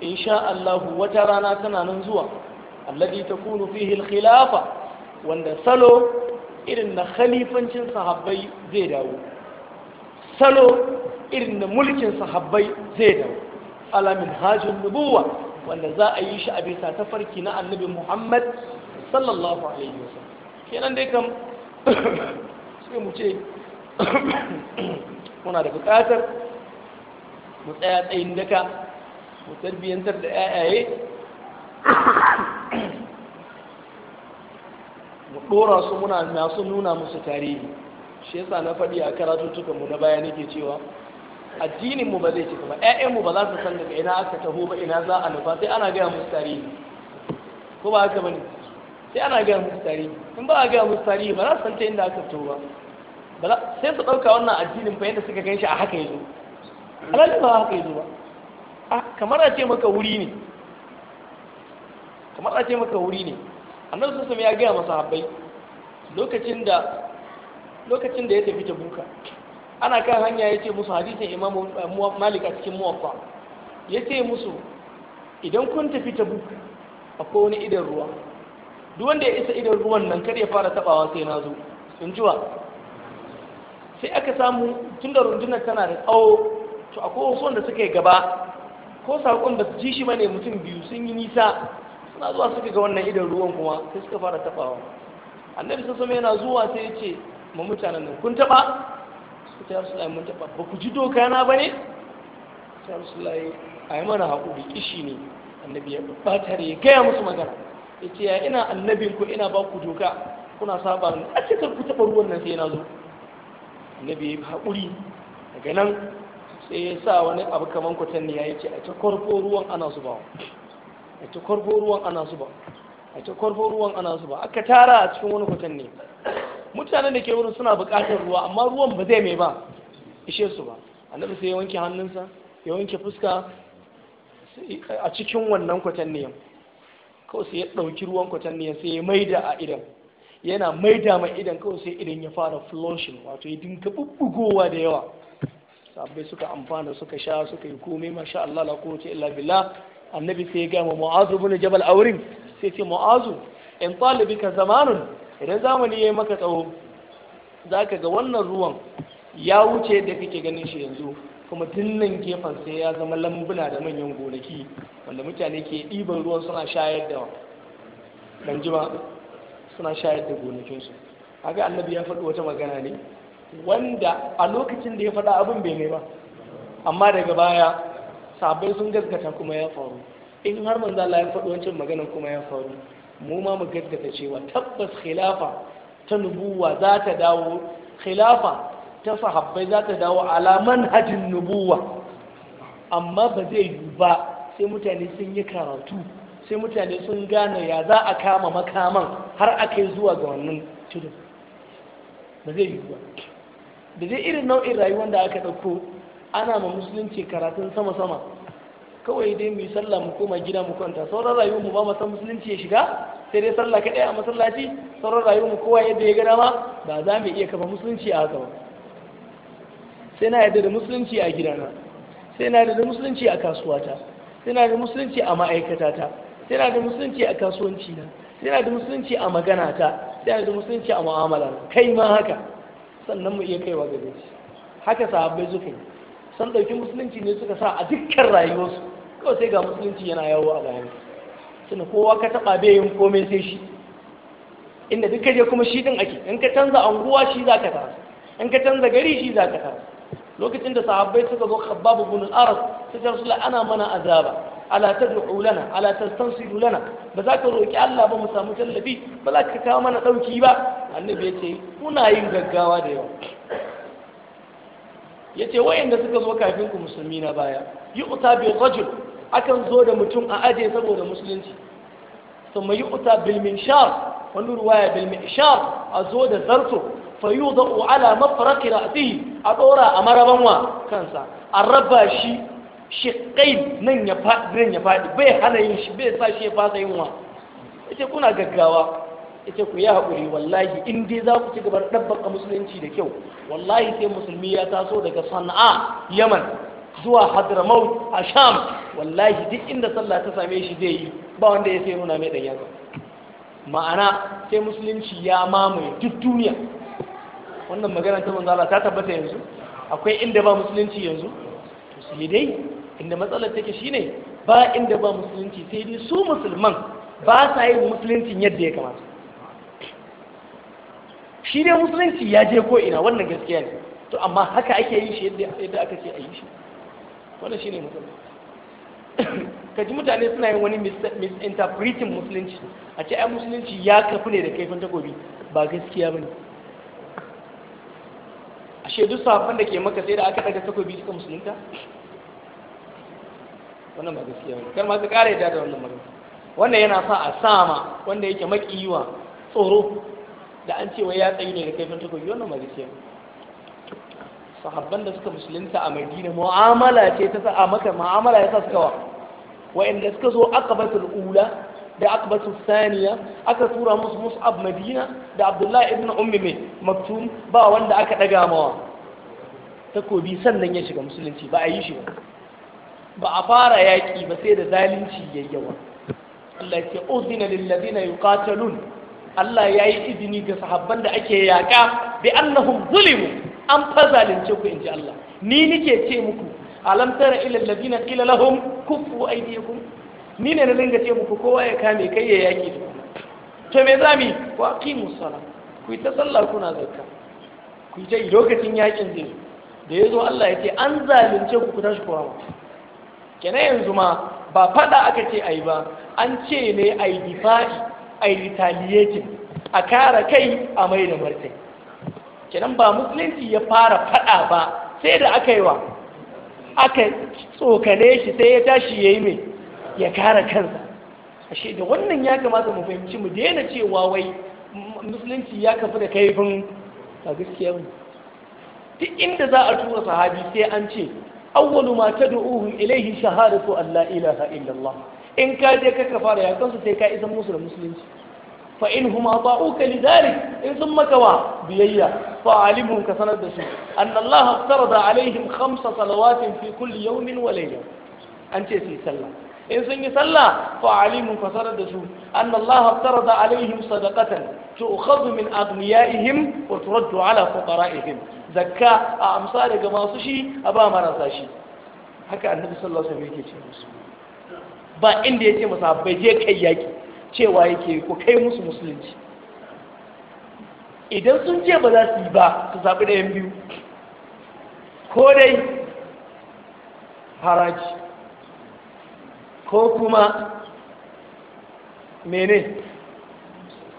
in sha Allah wata rana tana nan zuwa alladi ta kunu fihi khilafa wanda salo irin na khalifancin sahabbai zai dawo salo irin da mulkin sahabbai zai da alamin hajjin nubuwa wanda za a yi shi a bisa ta farki na annabi muhammad sallallahu alaihi wasu kenan dai kam *coughs* sai mu ce *coughs* muna da bukatar mu tsaya tsayin daka mu tarbiyyantar da yayaye *coughs* mu ɗora su muna masu nuna musu tarihi shi yasa na faɗi a tuka mu na baya nake cewa addinin mu ba zai ci kuma. ƴaƴan mu ba za su san daga ina aka taho ba ina za a nufa sai ana gaya musu tarihi ko ba haka bane sai ana gaya musu tarihi in ba a gaya musu tarihi ba za su san ta inda aka taho ba sai su ɗauka wannan addinin fa yadda suka ganshi a haka yazo alhali ba haka yazo ba a kamar a ce maka wuri ne kamar a ce maka wuri ne annabi sallallahu ya gaya masa habbai lokacin da lokacin da ya tafi ta ana kan hanya ya ce musu hadisin imam malik a cikin muwaffa ya ce musu idan kun tafi ta a akwai wani idan ruwa duk wanda ya isa idan ruwan nan kada ya fara tabawa sai na zo sun jiwa sai aka samu tun da rundunar tana da tsawo to akwai wasu wanda suka yi gaba ko saƙon da su ji shi bane mutum biyu sun yi nisa suna zuwa suka ga wannan idan ruwan kuma sai suka fara tabawa annabi sassan yana zuwa sai ya ce ma mutanen nan kun taɓa su ta rasu mun taɓa ba ku ji doka na ba ne ta rasu layi a yi mana haƙuri kishi ne annabi ya ɓata ya gaya musu magana ya ce ya ina annabin ku ina ba ku doka kuna saba ne a cikin ku taɓa ruwan nan sai na zo annabi ya yi haƙuri daga nan sai ya sa wani abu kamar kwatanni ya yi ce a ta kwarfo ruwan ana zubawa a ta kwarfo ruwan ana zubawa a ta kwarfo ruwan ana zuba aka tara a cikin wani kwatanni mutanen da ke wurin suna buƙatar ruwa amma ruwan ba zai mai ba ishe su ba annabi sai ya wanke hannunsa ya wanke fuska a cikin wannan kwatanniyan kawai sai ya ɗauki ruwan kwatanniyan sai ya maida a idan yana maida mai idan kawai sai idan ya fara flushing wato ya dinka bubbugowa da yawa sabbai suka amfana suka sha suka yi komai masha Allah la quwwata illa billah annabi sai ya ga mu'azu bin jabal aurin sai ce mu'azu in talibika zamanun idan zamani ya yi maka tsawo za ka ga wannan ruwan ya wuce da kake ganin shi yanzu kuma tun nan gefen sai ya zama lambuna da manyan gonaki wanda mutane ke ɗiban ruwan suna shayar da ɗanjima suna shayar da gonakinsu haka annabi ya faɗi wata magana ne wanda a lokacin da ya faɗa abin bai mai ba amma daga baya sabai sun gaskata kuma ya faru in har manzala ya faɗi wancan magana kuma ya faru mu ma mu gaggata cewa tabbas khilafa ta nubuwa za ta dawo khilafa ta sahabbai za ta dawo ala manhajin nubuwa amma ba zai yi ba sai mutane sun yi karatu sai mutane sun gane ya za a kama makaman har aka yi zuwa ga wannan tudu ba zai yi ba da zai irin nau'in rayuwar da aka ɗauko ana ma musulunci karatun sama-sama kawai dai mu yi sallah mu koma gida mu kwanta sauran rayuwar mu ba mu san musulunci ya shiga sai dai sallah kaɗai a masallaci sauran rayuwar mu kowa yadda ya gada ma ba za mu iya kafa musulunci a haka ba sai na yadda da musulunci a gidana sai na yadda da musulunci a kasuwata sai na da musulunci a ma'aikatata sai na da musulunci a kasuwanci na sai na da musulunci a maganata sai na da musulunci a mu'amala kai ma haka sannan mu iya kaiwa gare shi haka sahabbai suka yi san ɗauki musulunci ne suka sa a dukkan rayuwarsu kawai sai ga musulunci yana yawo a bayan tunda kowa ka taba bai yin komai sai shi inda duk je kuma shi din ake in ka canza anguwa shi za ka tara in ka canza gari shi za ka tara lokacin da sahabbai suka zo khabbab ibn al-aras sai ta rasula ana mana azaba ala tad'u lana ala tastansidu lana ba za ka roki Allah ba mu samu tallafi ba za ka kawo mana dauki ba annabi ya ce kuna yin gaggawa da yawa yace wayanda suka zo kafin ku musulmi na baya yi bi rajul akan zo da mutum a aje saboda musulunci sun mai yi'uta bilmin shar wani ruwaya bilmin shar a zo da zarto fa yi a ala mafara kirafi a ɗora a marabanwa wa kansa a raba shi shi kai nan ya faɗi bai hana yin shi bai sa shi ya fasa yin wa ita kuna gaggawa ita ku yi haƙuri wallahi in dai za ku ci gaba da ɗabbaka musulunci da kyau wallahi sai musulmi ya taso daga sana'a yaman zuwa hadramaut a sham wallahi duk inda sallah ta same shi zai yi ba wanda ya sai nuna mai ɗanyensa ma'ana sai musulunci ya mamaye duk duniya wannan magana ta manzala ta tabbata yanzu akwai inda ba musulunci yanzu to sai dai inda matsalar take shine ba inda ba musulunci sai dai su musulman ba sa yin musuluncin yadda ya kamata shi dai musulunci ya je ko ina wannan gaskiya ne to amma haka ake yi shi yadda aka ce a yi shi wannan shine musulunci ka ji mutane suna yin wani misinterpreting musulunci a ce ai musulunci ya kafu ne da kaifin takobi ba gaskiya ba ne a shaidu safon da ke maka sai da aka daga takobi suka musulunta wannan ba gaskiya ba kar masu su kara ya da wannan marar wannan yana sa a sama wanda yake makiyiwa tsoro da an cewa ya tsayi ne da kaifin takobi wannan ba gaskiya ba sahabban da suka musulunta a madina mu'amala ce ta sa maka mu'amala ya sa suka wa wa'anda suka zo aqabatul ula da aqabatul saniya aka tura musu mus'ab madina da abdullahi ibn ummi mai maktum ba wanda aka daga mawa takobi sannan ya shiga musulunci ba a yi shi ba ba a fara yaƙi ba sai da zalunci yayyawa Allah ya ce uzina lil ladina yuqatalun Allah ya yi izini ga sahabban da ake yaƙa bi annahum zulimu an fa zalunce ku in ji Allah ni nike ce muku alam tara ila alladhina qila lahum kufu aydiyakum ni ne na dinga ce muku kowa ya kame kai ya yaki da to me za mu yi wa aqimus ku yi ta sallah kuna zakka ku yi ta lokacin yakin zai da ya zo Allah ya ce an zalunce ku ku tashi kowa rama kenan yanzu ma ba fada aka ce ai ba an ce ne ai difa ai retaliating a kara kai a mai da martani kenan ba musulunci ya fara fada ba sai da aka yi wa aka tsokane shi sai ya tashi ya yi mai ya kara kansa ashe da wannan ya kamata mu fahimci mu daina cewa wai musulunci ya kafa da kaifin a gaskiya ne duk inda za a tura sahabi sai an ce awwalu ma tad'uhum ilayhi shahadatu an la ilaha illallah in ka je kaka fara yakan sai ka isa musu da musulunci فإنهم أطاعوك لذلك إن ثم كوا بيئة فعلمهم كسند أن الله افترض عليهم خمس صلوات في كل يوم وليلة أنت في سلة إن سن سلة فعلمهم كسند أن الله افترض عليهم صدقة تؤخذ من أغنيائهم وترد على فقرائهم زكاء أمصار جماصشي أبا مرساشي حكى النبي صلى الله عليه وسلم يقول ba inda ya ce cewa yake ko kai musu musulunci idan sun ce ba za su yi ba su zaɓi ɗayan biyu ko dai haraji ko kuma mene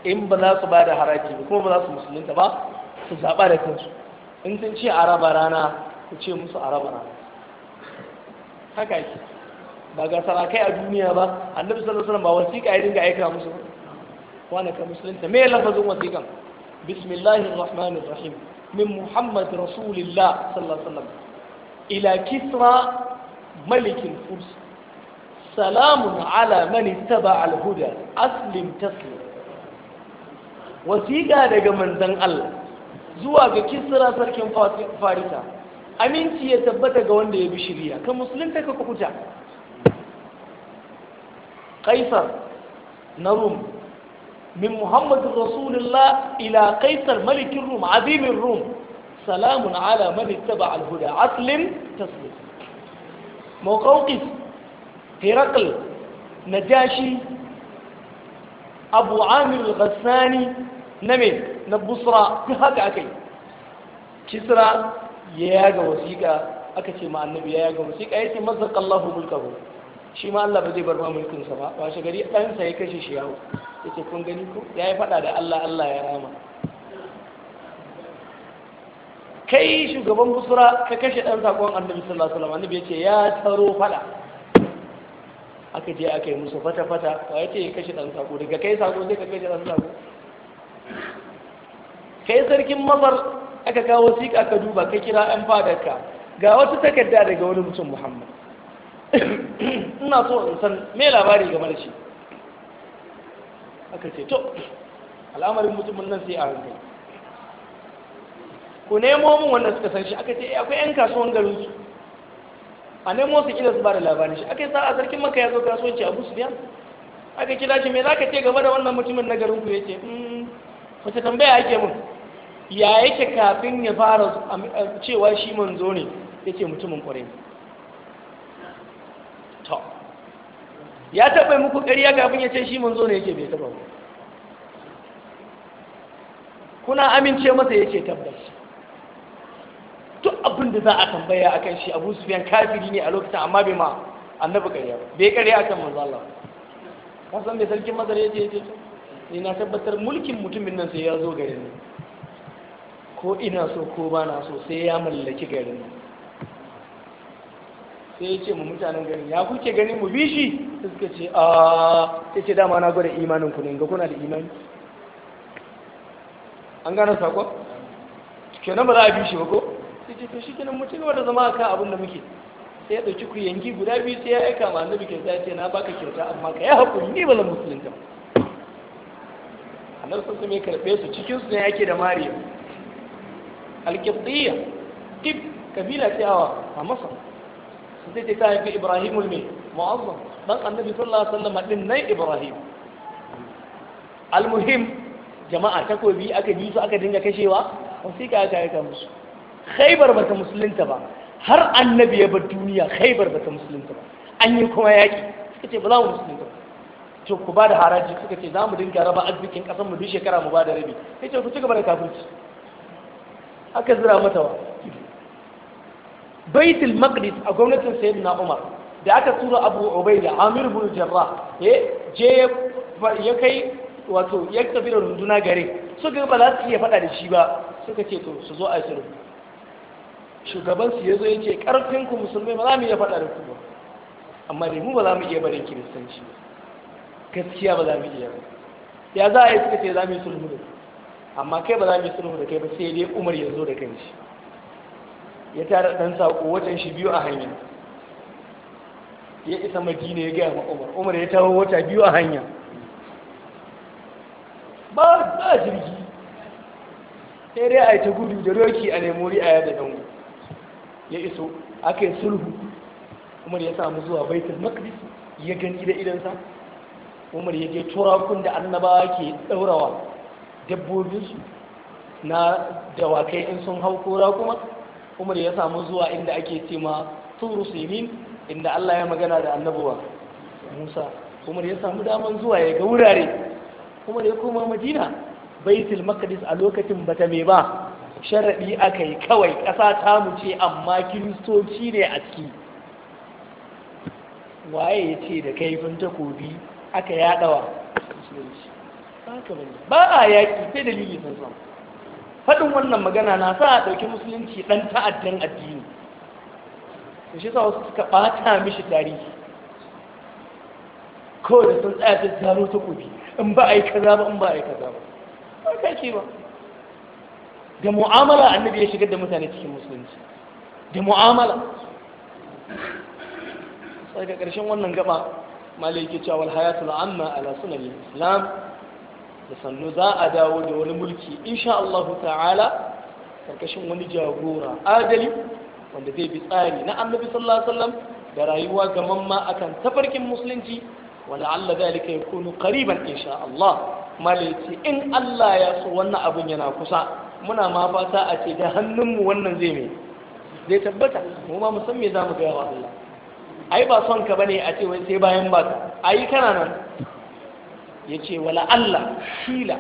in ba za su ba da haraji ba kuma ba za su musulunta ba su zaɓa da kansu in sun ce araba rana ku ce musu araba rana haka yake. ba ga sarakai a duniya ba annabi sallallahu alaihi wasallam ba wasiƙa ya dinga aika musu ba wani ka musulunta me lafazin wasiƙan bismillahir rahmanir rahim min muhammad rasulillah sallallahu alaihi wasallam ila kisra malikin furs salamun ala man ittaba al huda aslim taslim wasiƙa daga manzon Allah zuwa ga kisra sarkin farisa aminci ya tabbata ga wanda ya bi shirya ka musulunta ka kukuta kaisar na rum min muhammadin rasulullah ila kaisar malikin rum azimin rum salamun ala man ittaba al-huda aslim taslim موقوقس هرقل نجاشي أبو عامر الغساني نمي نبصرة هذا أكي كسرى ياغا وسيكا أكتي مع النبي ياغا وسيكا أيتي مزق الله ملكه shi ma Allah ba zai bar ma mulkin sa ba shi gari dan sa ya kashe shi yawo yace kun gani ko yayi fada da Allah Allah ya rama kai shugaban busura ka kashe dan kon annabi sallallahu alaihi wasallam annabi yace ya taro fada aka je aka yi musu fata fata wa yace ya kashe dan ko daga kai sako sai ka kashe dan ko kai sarkin masar aka kawo sika ka duba ka kira an fadarka ga wata takarda daga wani mutum muhammad ina so in san me labari game da shi aka ce to al'amarin mutumin nan sai a hankali ku nemo min wanda suka san shi aka ce eh, akwai 'yan kasuwan garin su a nemo su kila su ba da labarin shi aka yi sa'a sarkin maka ya zo kasuwanci a busu biyan aka kira shi me za ka ce game da wannan mutumin na garin ku ya ce hmm, wata tambaya ake mun ya yake kafin ya fara eh, cewa shi manzo ne ya ce mutumin kwarai to ya taɓa muku ƙarya kafin ya ce shi mun zo ne yake bai taɓa ba kuna amince masa ya ce tabbas to abin da za a tambaya akan shi abu Sufyan kafiri ne a lokacin amma bai ma annabi ƙarya ba bai ƙarya akan manzo Allah ka san bai sarkin masar yaje yaje? to ni na tabbatar mulkin mutumin nan sai ya zo garin ko ina so ko ba na so sai ya mallaki garin nan sai ya ce mu mutanen gani ya kuke gani mu bi shi sai suka ce a ya ce dama na gwada imanin ku ne ga kuna da imani an gane sako kenan ba za a bi shi ba ko sai ce to shi mu mutum da zama akan abin da muke sai ya dauki ku yanki guda biyu sai ya aika ma annabi kyauta ya ce na baka kyauta amma ka yi hakuri ni ba zan musulunta ba annabi sun ya karɓe su cikin su ne yake da mariya alkibtiyya tip kabila ta yawa a masar sai ce ta haifi ibrahimul mai mu'azzam dan annabi sallallahu alaihi wasallam din nan ibrahim almuhim jama'a takobi aka ji su aka dinga kashewa wasiƙa aka aika musu khaybar bata musulunta ba har annabi ya bar duniya khaybar bata musulunta ba an yi kuma yaƙi suka ce ba za mu musulunta ba to ku ba da haraji suka ce za mu dinga raba arzikin kasan mu duk shekara mu ba da rabi sai ce ku ci gaba da kafirci aka zira mata wa baitul maqdis a gwamnatin sayyidina umar da aka tura abu ubaida amir bin jarrah eh, je ya kai wato ya tafi da runduna gare ga ba za su iya faɗa da shi ba suka ce to su zo a sulhu shugaban su yazo yace karfin ku musulmai ba za mu iya faɗa da ku ba amma dai mu ba za mu iya barin kiristanci gaskiya ba za mu iya ba ya za a yi suka ce za mu yi sulhu da amma kai ba za mu yi sulhu da kai ba sai dai umar ya zo da kanshi ya tara ɗan saƙo watan shi biyu a hanya ya isa madina ya gaya ma umar umar ya tawo wata biyu a hanya ba ba jirgi sai dai a yi ta gudu da roki a nemori a yada dango ya iso aka yi sulhu umar ya samu zuwa baitul maqdis ya gani da idansa umar ya je turakun da annabawa ke ɗaurawa dabbobinsu na dawakai in sun hau kora kuma umar ya samu zuwa inda ake ce ma turu sinin inda Allah ya magana da annabuwa Musa umar ya samu daman zuwa ya ga wurare umar ya koma Madina baitul maqdis a lokacin bata me ba sharadi akai kawai ƙasa ta mu ce amma kiristoci ne a ciki waye ya ce da kaifin takobi aka yaɗawa ba a yaƙi sai dalili sun samu faɗin wannan magana na sa a ɗauki musulunci ɗan ta'addan addini da shi sa wasu suka ɓata mishi tarihi kawai da sun tsaya ta zaro ta kofi in ba a yi kaza ba in ba a yi kaza ba ba ka ce ba da mu'amala annabi ya shigar da mutane cikin musulunci da mu'amala sai ga ƙarshen wannan gaba malai ke cewa walhaya hayatul amma ala sunan islam da sannu za a dawo da wani mulki insha ta'ala karkashin wani jagora adali wanda zai bi tsari na annabi sallallahu alaihi wasallam da rayuwa ga mamma akan tafarkin musulunci wala Allah dalika yakunu qariban insha Allah malaiti in Allah ya so wannan abun yana kusa muna ma fata a ce da hannunmu wannan zai mai zai tabbata mu ma mu san me zamu ga wa Allah ai ba son ka bane a ce wai sai bayan ba ai kana nan ya ce wala Allah shila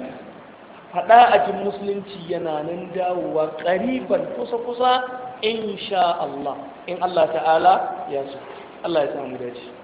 faɗa a jin musulunci yana nan dawowa ƙariban kusa-kusa in sha Allah in Allah ta'ala ya so Allah ya samu dace